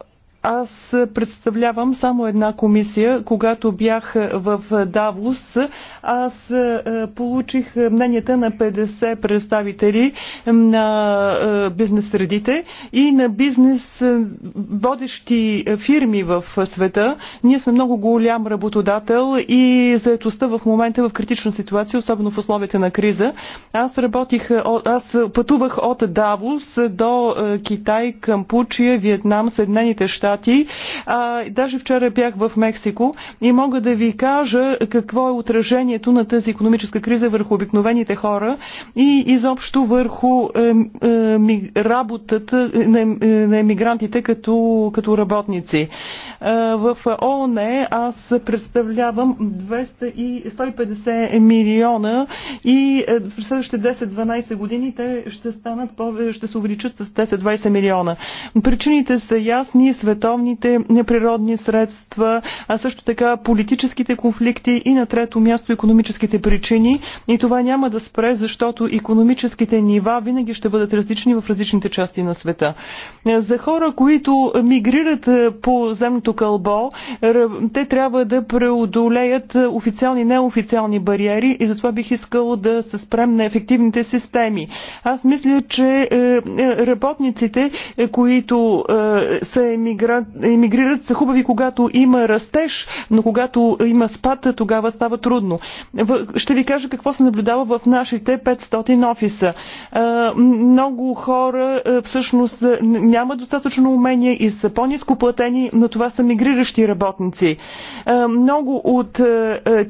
S3: аз представлявам само една комисия. Когато бях в Давос, аз е, получих мненията на 50 представители на е, бизнес средите и на бизнес е, водещи фирми в света. Ние сме много голям работодател и заетостта в момента в критична ситуация, особено в условията на криза. Аз работих, аз пътувах от Давос до Китай, Кампучия, Виетнам, Съединените щати а, даже вчера бях в Мексико и мога да ви кажа какво е отражението на тази економическа криза върху обикновените хора и изобщо върху е, е, работата на, на емигрантите като, като работници. Е, в ООН аз представлявам 200 и 150 милиона и е, в следващите 10-12 години те ще станат, ще се увеличат с 10-20 милиона. Причините са ясни, световни природните, неприродни средства, а също така политическите конфликти и на трето място економическите причини. И това няма да спре, защото економическите нива винаги ще бъдат различни в различните части на света. За хора, които мигрират по земното кълбо, те трябва да преодолеят официални и неофициални бариери и затова бих искал да се спрем на ефективните системи. Аз мисля, че е, е, работниците, които е, са емигрант, емигрират са хубави, когато има растеж, но когато има спад, тогава става трудно. Ще ви кажа какво се наблюдава в нашите 500 офиса. Много хора всъщност няма достатъчно умения и са по-низко платени, но това са мигриращи работници. Много от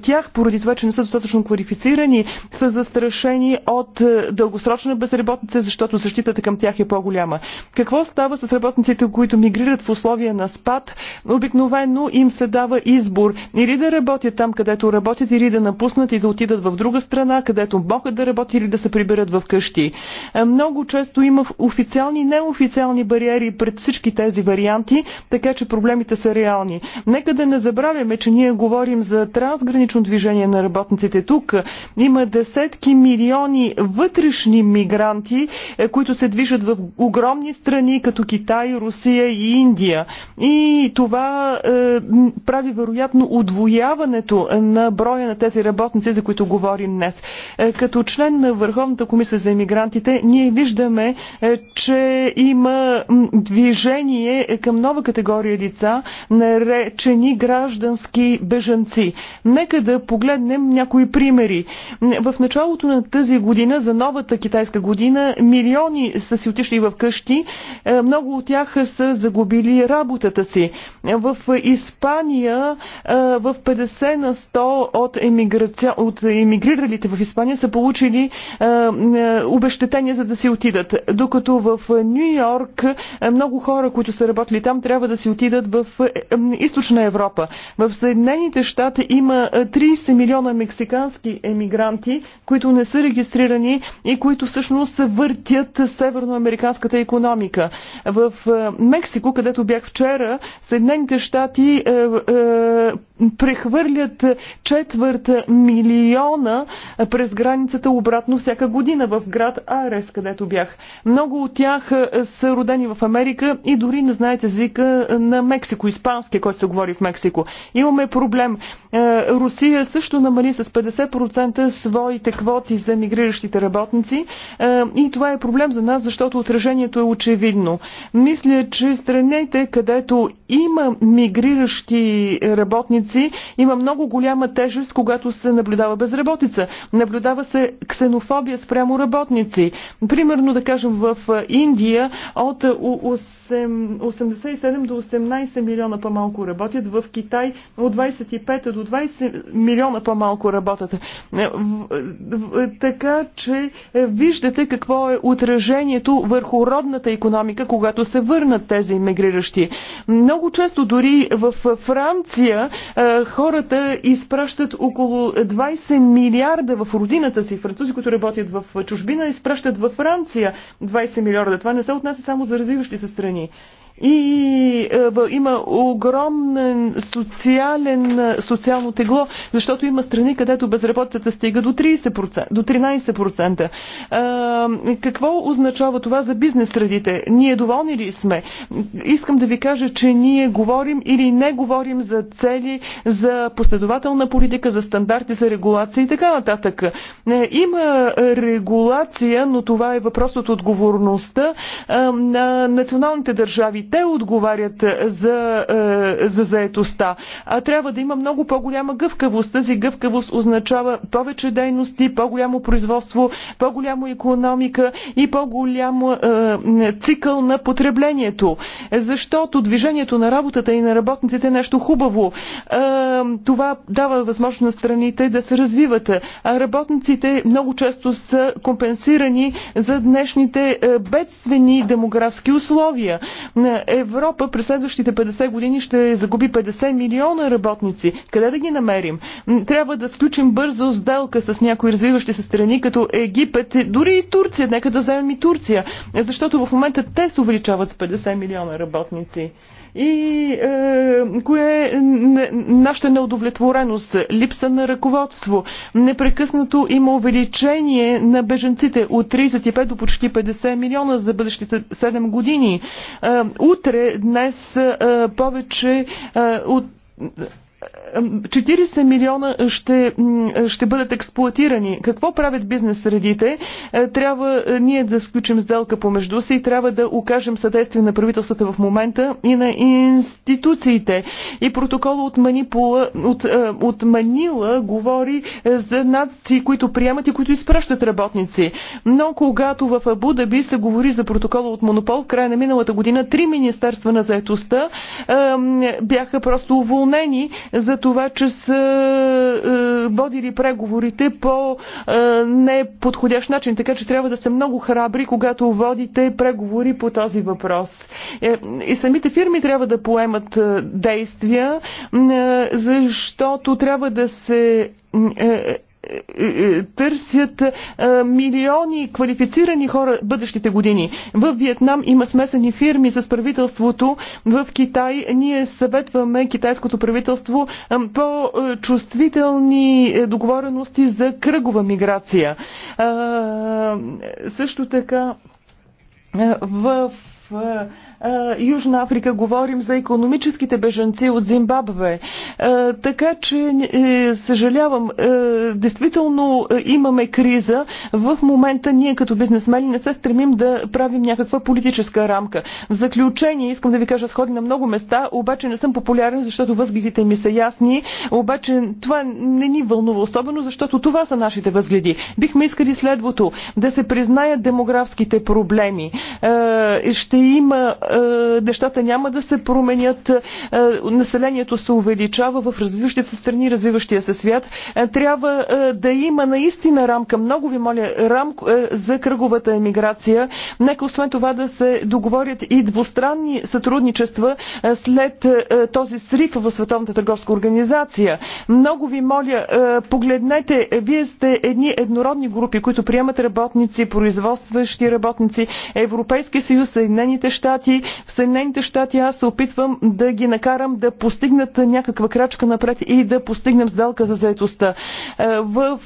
S3: тях, поради това, че не са достатъчно квалифицирани, са застрашени от дългосрочна безработица, защото защитата към тях е по-голяма. Какво става с работниците, които мигрират в условия условия на спад, обикновено им се дава избор или да работят там, където работят, или да напуснат и да отидат в друга страна, където могат да работят или да се приберат в къщи. Е, много често има официални и неофициални бариери пред всички тези варианти, така че проблемите са реални. Нека да не забравяме, че ние говорим за трансгранично движение на работниците тук. Има десетки милиони вътрешни мигранти, е, които се движат в огромни страни, като Китай, Русия и Индия и това е, прави вероятно удвояването на броя на тези работници, за които говорим днес. Е, като член на Върховната комисия за иммигрантите, ние виждаме, е, че има движение е, към нова категория лица, наречени граждански бежанци. Нека да погледнем някои примери. В началото на тази година, за новата китайска година, милиони са си отишли в къщи, е, много от тях са загубили работа работата си. В Испания в 50 на 100 от, емиграци... от емигриралите в Испания са получили обещетения за да си отидат. Докато в Нью Йорк много хора, които са работили там, трябва да си отидат в източна Европа. В Съединените щати има 30 милиона мексикански емигранти, които не са регистрирани и които всъщност въртят северноамериканската економика. В Мексико, където бях вчера Съединените щати е, е, прехвърлят четвърт милиона през границата обратно всяка година в град Арес, където бях. Много от тях е, са родени в Америка и дори не знаят езика на Мексико, испански, който се говори в Мексико. Имаме проблем. Е, Русия също намали с 50% своите квоти за мигриращите работници е, и това е проблем за нас, защото отражението е очевидно. Мисля, че страните, където където има мигриращи работници, има много голяма тежест, когато се наблюдава безработица. Наблюдава се ксенофобия спрямо работници. Примерно, да кажем, в Индия от 8, 87 до 18 милиона по-малко работят, в Китай от 25 до 20 милиона по-малко работят. Е, е, е, така че виждате какво е отражението върху родната економика, когато се върнат тези иммигриращи. Много често дори в Франция хората изпращат около 20 милиарда в родината си. Французи, които работят в чужбина, изпращат във Франция 20 милиарда. Това не се отнася само за развиващи се страни и е, има огромен социален, социално тегло, защото има страни, където безработицата стига до, 30%, до 13%. Е, какво означава това за бизнес средите? Ние доволни ли сме? Искам да ви кажа, че ние говорим или не говорим за цели, за последователна политика, за стандарти, за регулация и така нататък. Е, има регулация, но това е въпрос от отговорността е, на националните държави те отговарят е, за, е, за заетостта. А трябва да има много по-голяма гъвкавост. Тази гъвкавост означава повече дейности, по-голямо производство, по-голяма економика и по-голям е, цикъл на потреблението. Защото движението на работата и на работниците е нещо хубаво. Е, това дава възможност на страните да се развиват. А работниците много често са компенсирани за днешните е, бедствени демографски условия. Европа през следващите 50 години ще загуби 50 милиона работници. Къде да ги намерим? Трябва да сключим бързо сделка с някои развиващи се страни, като Египет, дори и Турция. Нека да вземем и Турция, защото в момента те се увеличават с 50 милиона работници и е, кое е нашата неудовлетвореност, липса на ръководство. Непрекъснато има увеличение на беженците от 35 до почти 50 милиона за бъдещите 7 години. Е, утре, днес е, повече е, от 40 милиона ще, ще бъдат експлуатирани. Какво правят бизнес средите? Е, трябва е, ние да сключим сделка помежду си и трябва да окажем съдействие на правителствата в момента и на институциите. И протокола от, Манипула, от, е, от Манила говори за нации, които приемат и които изпращат работници. Но когато в Абудаби се говори за протокола от Монопол, в края на миналата година три министерства на заетостта бяха просто уволнени за това, че са е, водили преговорите по е, неподходящ начин, така че трябва да сте много храбри, когато водите преговори по този въпрос. Е, и самите фирми трябва да поемат действия, защото трябва да се търсят е, милиони квалифицирани хора бъдещите години. В Виетнам има смесени фирми с правителството. В Китай ние съветваме китайското правителство е, по-чувствителни е, договорености за кръгова миграция. Също така в в Южна Африка, говорим за економическите бежанци от Зимбабве. Така че, е, съжалявам, е, действително е, имаме криза. В момента ние като бизнесмени не се стремим да правим някаква политическа рамка. В заключение искам да ви кажа сходи на много места, обаче не съм популярен, защото възгледите ми са ясни. Обаче това не ни вълнува особено, защото това са нашите възгледи. Бихме искали следвото. Да се признаят демографските проблеми. Ще има е, нещата няма да се променят, е, населението се увеличава в развиващите се страни, развиващия се свят. Е, трябва да има наистина рамка, много ви моля, рамка за кръговата емиграция. Нека освен това да се договорят и двустранни сътрудничества след този срив в Световната търговска организация. Много ви моля, погледнете, вие сте едни еднородни групи, които приемат работници, производстващи работници, Европейски съюз, Съединените щати, в Съединените щати аз се опитвам да ги накарам да постигнат някаква крачка напред и да постигнем сделка за заедостта. Е, в,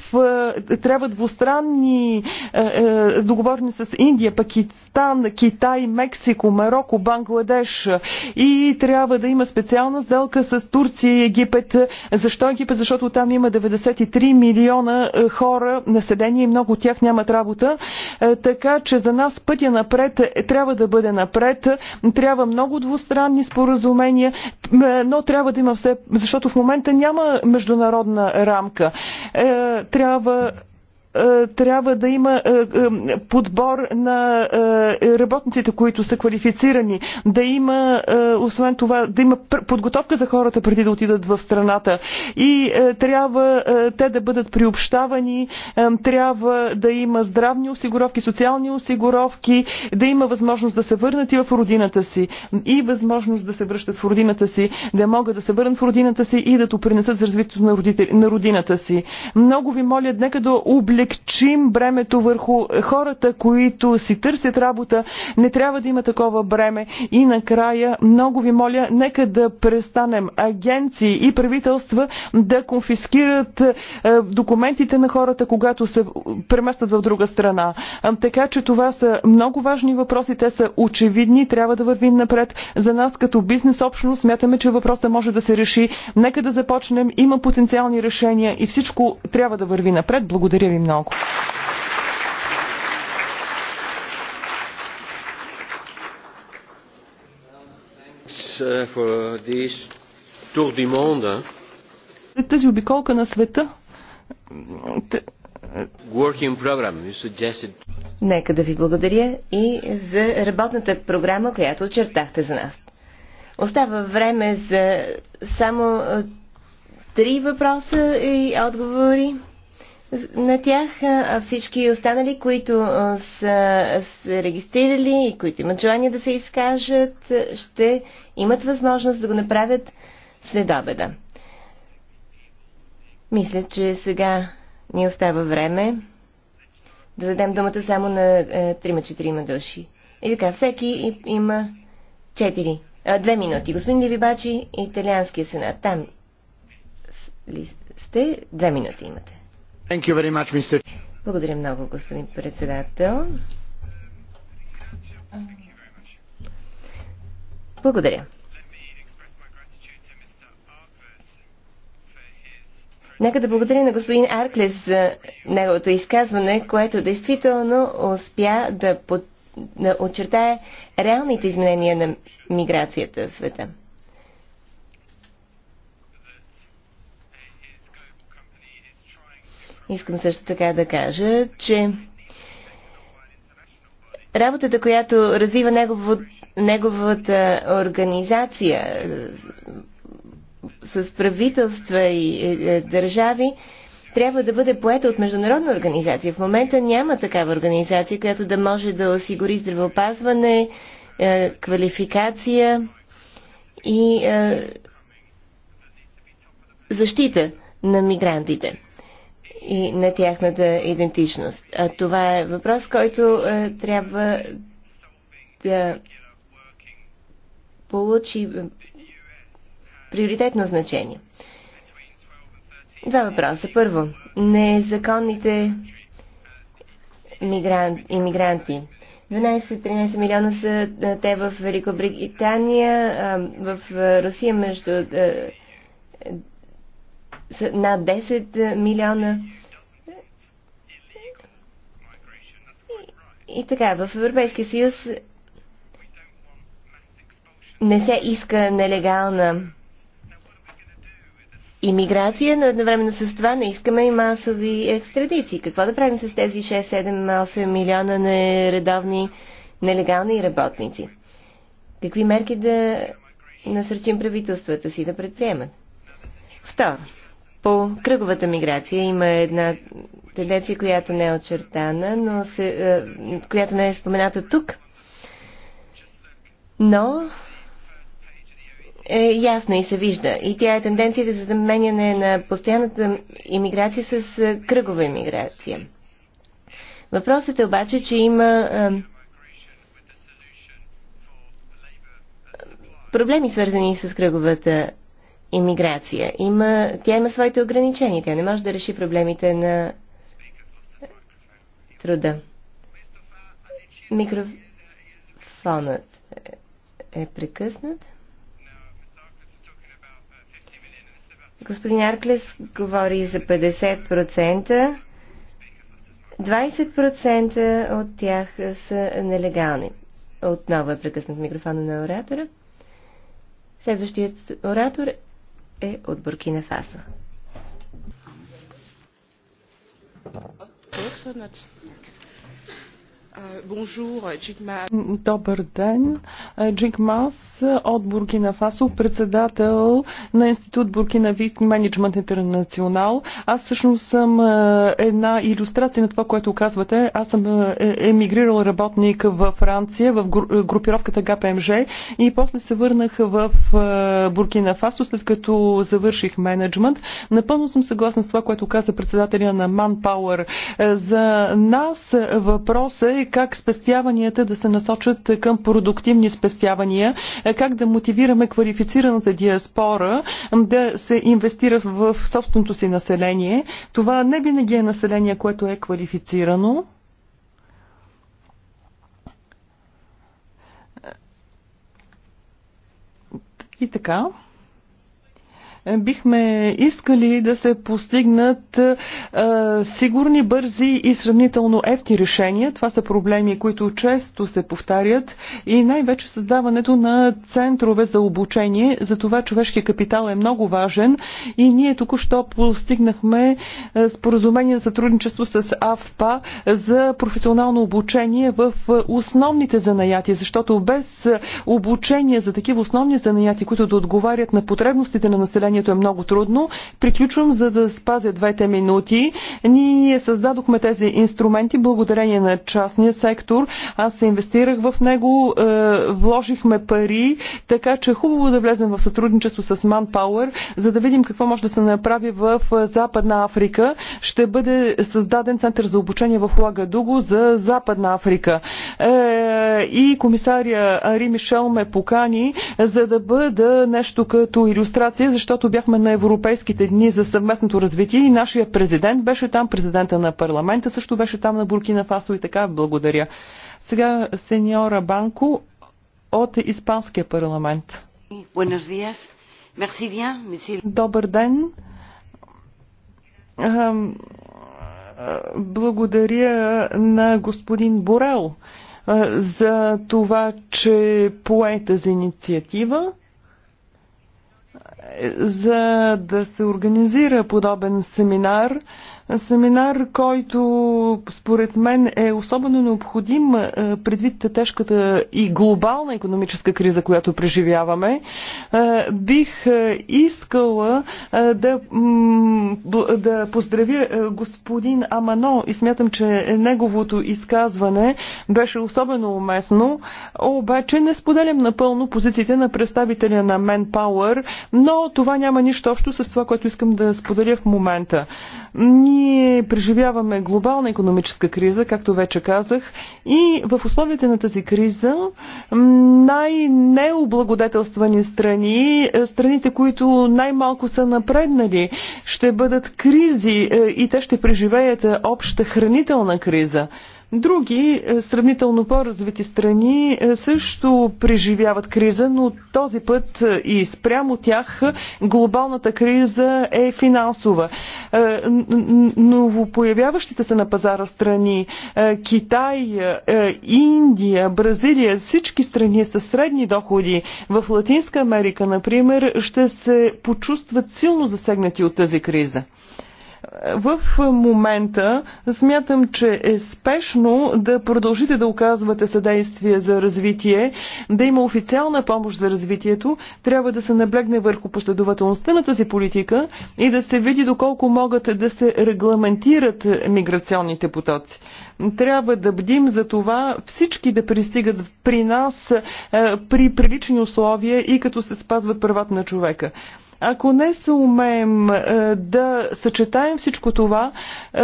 S3: е, трябва двустранни е, договорни с Индия, Пакистан, Китай, Мексико, Марокко, Бангладеш и трябва да има специална сделка с Турция и Египет. Защо Египет? Защото там има 93 милиона хора население и много от тях нямат работа. Така че за нас пътя напред трябва да бъде напред трябва много двустранни споразумения, е, но трябва да има все, защото в момента няма международна рамка. Е, трябва е, трябва да има е, е, подбор на работниците, които са квалифицирани, да има, освен това, да има подготовка за хората преди да отидат в страната и трябва те да бъдат приобщавани, трябва да има здравни осигуровки, социални осигуровки, да има възможност да се върнат и в родината си и възможност да се връщат в родината си, да могат да се върнат в родината си и да допринесат за развитието на, родината си. Много ви моля, нека да обли облегчим бремето върху хората, които си търсят работа. Не трябва да има такова бреме. И накрая, много ви моля, нека да престанем агенции и правителства да конфискират е, документите на хората, когато се преместят в друга страна. Е, така че това са много важни въпроси, те са очевидни, трябва да вървим напред. За нас като бизнес общност смятаме, че въпросът може да се реши. Нека да започнем, има потенциални решения и всичко трябва да върви напред. Благодаря ви много много. Тази обиколка на света.
S1: Нека да ви благодаря и за работната програма, която очертахте за нас. Остава време за само три въпроса и отговори на тях, а всички останали, които са се регистрирали и които имат желание да се изкажат, ще имат възможност да го направят след обеда. Мисля, че сега ни остава време да дадем думата само на 3-4 е, души. И така, всеки има четири две 2 минути. Господин Ливибачи, Италианския сенат, там ли сте? 2 минути имате. Благодаря много, господин председател. Благодаря. Нека да благодаря на господин Арклес за неговото изказване, което действително успя да, под... да очертае реалните изменения на миграцията в света. Искам също така да кажа, че работата, която развива негово, неговата организация с правителства и държави, трябва да бъде поета от международна организация. В момента няма такава организация, която да може да осигури здравеопазване, е, квалификация и е, защита на мигрантите и на тяхната идентичност. А това е въпрос, който а, е, трябва да получи е, приоритетно значение. Два въпроса. Първо, незаконните иммигранти. 12-13 милиона са е, те в Великобритания, в Русия между над 10 е, милиона. И така, в Европейския съюз не се иска нелегална иммиграция, но едновременно с това не искаме и масови екстрадиции. Какво да правим с тези 6-7-8 милиона нередовни нелегални работници? Какви мерки да насърчим правителствата си да предприемат? Второ, по кръговата миграция има една тенденция, която не е очертана, но се, е, която не е спомената тук, но е ясна и се вижда. И тя е тенденцията за заменяне на постоянната иммиграция с е, кръгова иммиграция. Въпросът е обаче, че има е, проблеми свързани с кръговата иммиграция. Има, тя има своите ограничения. Тя не може да реши проблемите на труда. Микрофонът е прекъснат. Господин Арклес говори за 50%. 20% от тях са нелегални. Отново е прекъснат микрофона на оратора. Следващият оратор е от Буркина Фасо.
S3: Absolut. Добър ден. Джик Мас от Буркина Фасо, председател на Институт Буркина Вик Менеджмент Интернационал. Аз всъщност съм една иллюстрация на това, което казвате. Аз съм е, емигрирал работник във Франция, в групировката ГПМЖ и после се върнах в Буркина Фасо, след като завърших менеджмент. Напълно съм съгласна с това, което каза председателя на Manpower. За нас въпрос е е как спестяванията да се насочат към продуктивни спестявания, е, как да мотивираме квалифицираната диаспора да се инвестира в собственото си население. Това не винаги е население, което е квалифицирано. И така бихме искали да се постигнат а, сигурни, бързи и сравнително ефти решения. Това са проблеми, които често се повтарят и най-вече създаването на центрове за обучение. За това човешки капитал е много важен и ние току-що постигнахме споразумение за сътрудничество с АВПА за професионално обучение в основните занаяти, защото без обучение за такива основни занаяти, които да отговарят на потребностите на населението, положението е много трудно. Приключвам, за да спазя двете минути. Ние създадохме тези инструменти благодарение на частния сектор. Аз се инвестирах в него, е, вложихме пари, така че е хубаво да влезем в сътрудничество с Manpower, за да видим какво може да се направи в е, Западна Африка. Ще бъде създаден център за обучение в Лагадуго за Западна Африка. Е, и комисария Ари Мишел ме покани, за да бъда нещо като иллюстрация, защото защото бяхме на Европейските дни за съвместното развитие и нашия президент беше там, президента на парламента също беше там на Буркина Фасо и така. Благодаря. Сега сеньора Банко от Испанския парламент. Добър ден. Благодаря на господин Борел за това, че поета за инициатива за да се организира подобен семинар Семинар, който според мен е особено необходим е, предвид тежката и глобална економическа криза, която преживяваме. Е, бих е, искала да, да поздравя господин Амано и смятам, че неговото изказване беше особено уместно, обаче не споделям напълно позициите на представителя на Manpower, но това няма нищо общо с това, което искам да споделя в момента. Ние ние преживяваме глобална економическа криза, както вече казах, и в условията на тази криза най-необлагодетелствани страни, е, страните, които най-малко са напреднали, ще бъдат кризи е, и те ще преживеят е, обща хранителна криза. Други е, сравнително по-развити страни е, също преживяват криза, но този път е, и спрямо тях глобалната криза е финансова. Новопоявяващите се на пазара страни Китай, Индия, Бразилия, всички страни с средни доходи в Латинска Америка, например, ще се почувстват силно засегнати от тази криза в момента смятам, че е спешно да продължите да оказвате съдействие за развитие, да има официална помощ за развитието, трябва да се наблегне върху последователността на тази политика и да се види доколко могат да се регламентират миграционните потоци. Трябва да бдим за това всички да пристигат при нас е, при прилични условия и като се спазват правата на човека. Ако не се умеем е, да съчетаем всичко това, е,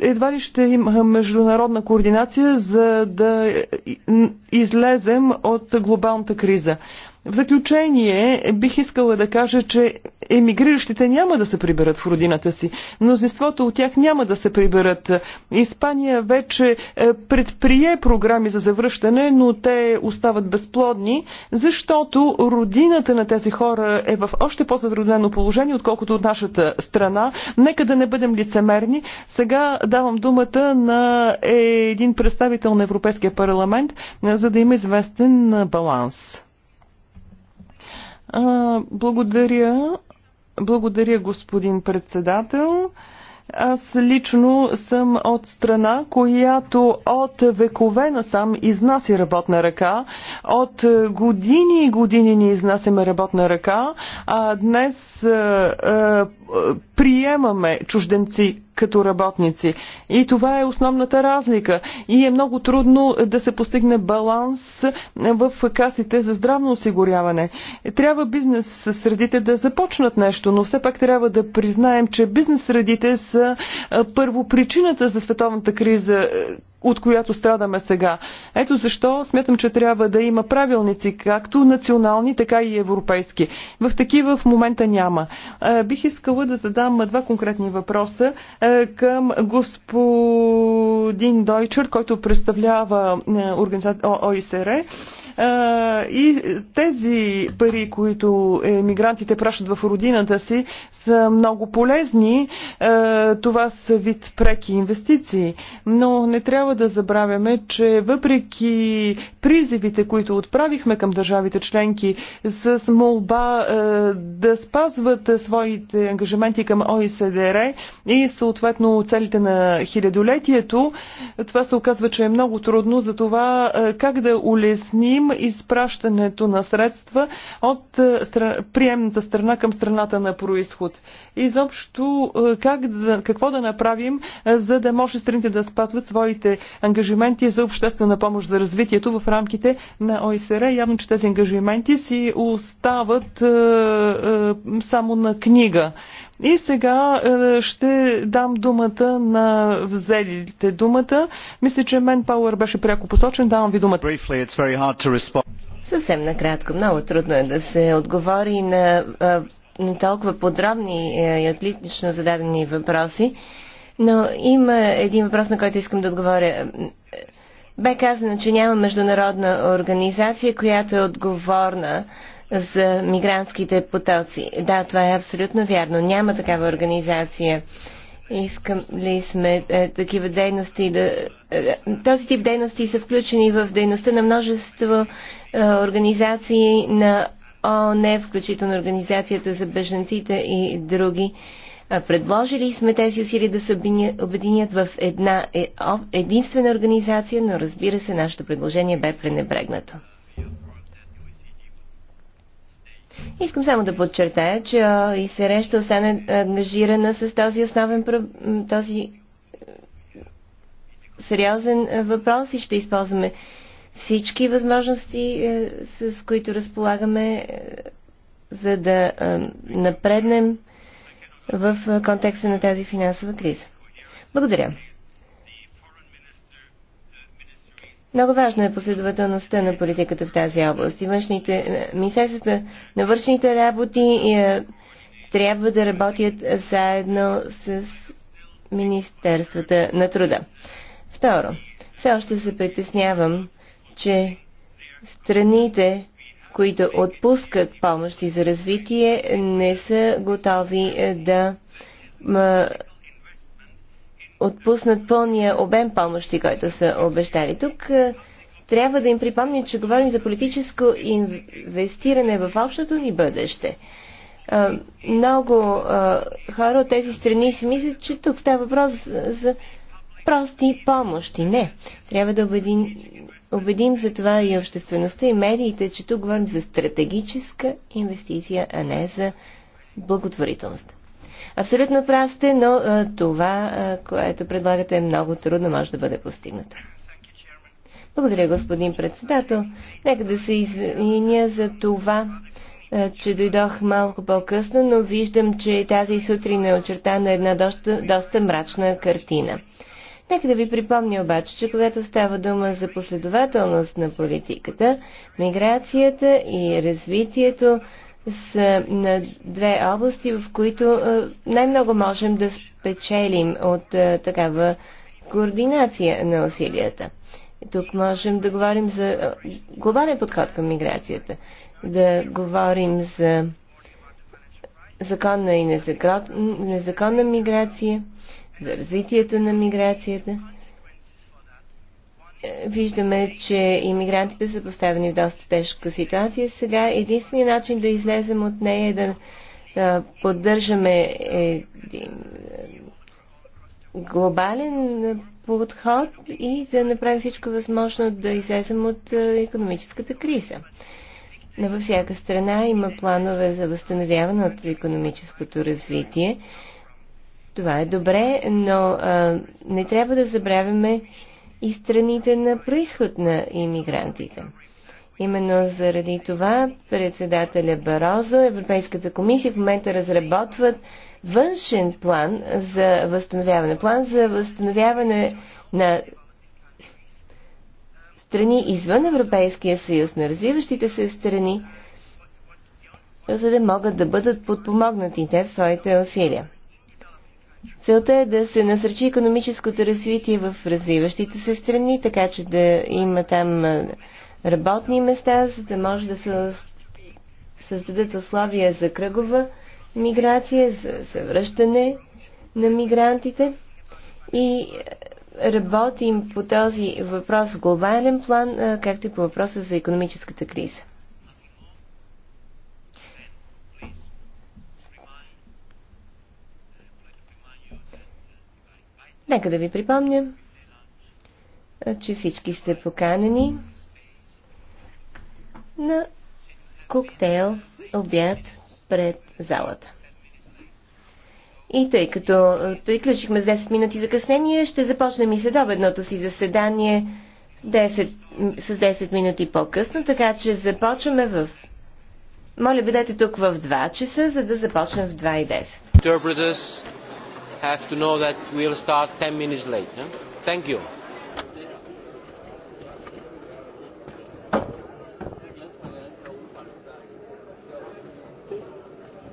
S3: едва ли ще има международна координация, за да излезем от глобалната криза. В заключение бих искала да кажа, че емигриращите няма да се приберат в родината си. Мнозинството от тях няма да се приберат. Испания вече е, предприе програми за завръщане, но те остават безплодни, защото родината на тези хора е в още по-затруднено положение, отколкото от нашата страна. Нека да не бъдем лицемерни. Сега давам думата на един представител на Европейския парламент, за да има известен баланс. Благодаря. Благодаря, господин председател. Аз лично съм от страна, която от векове насам изнася работна ръка. От години и години ни изнасяме работна ръка, а днес а, а, приемаме чужденци като работници. И това е основната разлика. И е много трудно да се постигне баланс в касите за здравно осигуряване. Трябва бизнес средите да започнат нещо, но все пак трябва да признаем, че бизнес средите са първо причината за световната криза, от която страдаме сега. Ето защо смятам, че трябва да има правилници, както национални, така и европейски. В такива в момента няма. Бих искала да задам два конкретни въпроса към господин Дойчер, който представлява организация ОИСР. И тези пари, които емигрантите пращат в родината си, са много полезни. Това са вид преки инвестиции. Но не трябва да забравяме, че въпреки призивите, които отправихме към държавите членки с молба да спазват своите ангажименти към ОИСДР и съответно целите на хилядолетието, това се оказва, че е много трудно за това как да улесним позволим изпращането на средства от е, приемната страна към страната на происход. Изобщо е, как, да, какво да направим, е, за да може страните да спазват своите ангажименти за обществена помощ за развитието в рамките на ОСР. Явно, че тези ангажименти си остават само на книга. И сега е, ще дам думата на взелите думата. Мисля, че мен Пауър беше пряко посочен. Давам ви думата. Съвсем накратко.
S1: Много трудно е да се отговори на, е, на толкова подробни е, и отлично зададени въпроси. Но има един въпрос, на който искам да отговоря. Бе казано, че няма международна организация, която е отговорна за мигрантските потоци. Да, това е абсолютно вярно. Няма такава организация. Искам ли сме е, такива дейности да... Е, този тип дейности са включени в дейността на множество е, организации на ООН, е, включително Организацията за беженците и други. Предложили сме тези усилия да се обединят в една е, единствена организация, но разбира се, нашето предложение бе пренебрегнато. Искам само да подчертая, че и Среща остане ангажирана с този основен този е, сериозен е, въпрос и ще използваме всички възможности, е, с които разполагаме, за да напреднем в контекста на тази финансова криза. Благодаря. Много важна е последователността на политиката в тази област. И външните, е, Министерствата на вършните работи е, трябва да работят заедно с Министерствата на труда. Второ, все още се притеснявам, че страните, които отпускат помощи за развитие, не са готови е, да отпуснат пълния обем помощи, който са обещали. Тук е, трябва да им припомня, че говорим за политическо инвестиране в общото ни бъдеще. Е, много е, хора от тези страни си мислят, че тук става въпрос за прости помощи. Не. Трябва да убедим, убедим за това и обществеността и медиите, че тук говорим за стратегическа инвестиция, а не за благотворителност. Абсолютно прав сте, но а, това, а, което предлагате, е много трудно може да бъде постигнато. Благодаря, господин председател. Нека да се извиня за това, а, че дойдох малко по-късно, но виждам, че тази сутрин е очертана една доста, доста мрачна картина. Нека да ви припомня обаче, че когато става дума за последователност на политиката, миграцията и развитието са на две области, в които най-много можем да спечелим от такава координация на усилията. Тук можем да говорим за глобален подход към миграцията, да говорим за законна и незаконна миграция, за развитието на миграцията виждаме, че иммигрантите са поставени в доста тежка ситуация. Сега единственият начин да излезем от нея е да поддържаме глобален подход и да направим всичко възможно да излезем от економическата криза. Но във всяка страна има планове за възстановяване от економическото развитие. Това е добре, но а, не трябва да забравяме, и страните на происход на иммигрантите. Именно заради това председателя Барозо, Европейската комисия в момента разработват външен план за възстановяване. План за възстановяване на страни извън Европейския съюз, на развиващите се страни, за да могат да бъдат подпомогнати те в своите усилия. Целта е да се насърчи економическото развитие в развиващите се страни, така че да има там работни места, за да може да се създадат условия за кръгова миграция, за завръщане на мигрантите. И работим по този въпрос в глобален план, както и по въпроса за економическата криза. Нека да ви припомня, че всички сте поканени на коктейл обяд пред залата. И тъй като приключихме с 10 минути закъснение, ще започнем и обедното си заседание 10, с 10 минути по-късно, така че започваме в... Моля, бъдете тук в 2 часа, за да започнем в 2 и 10 have to know that we will start ten minutes late. Thank you.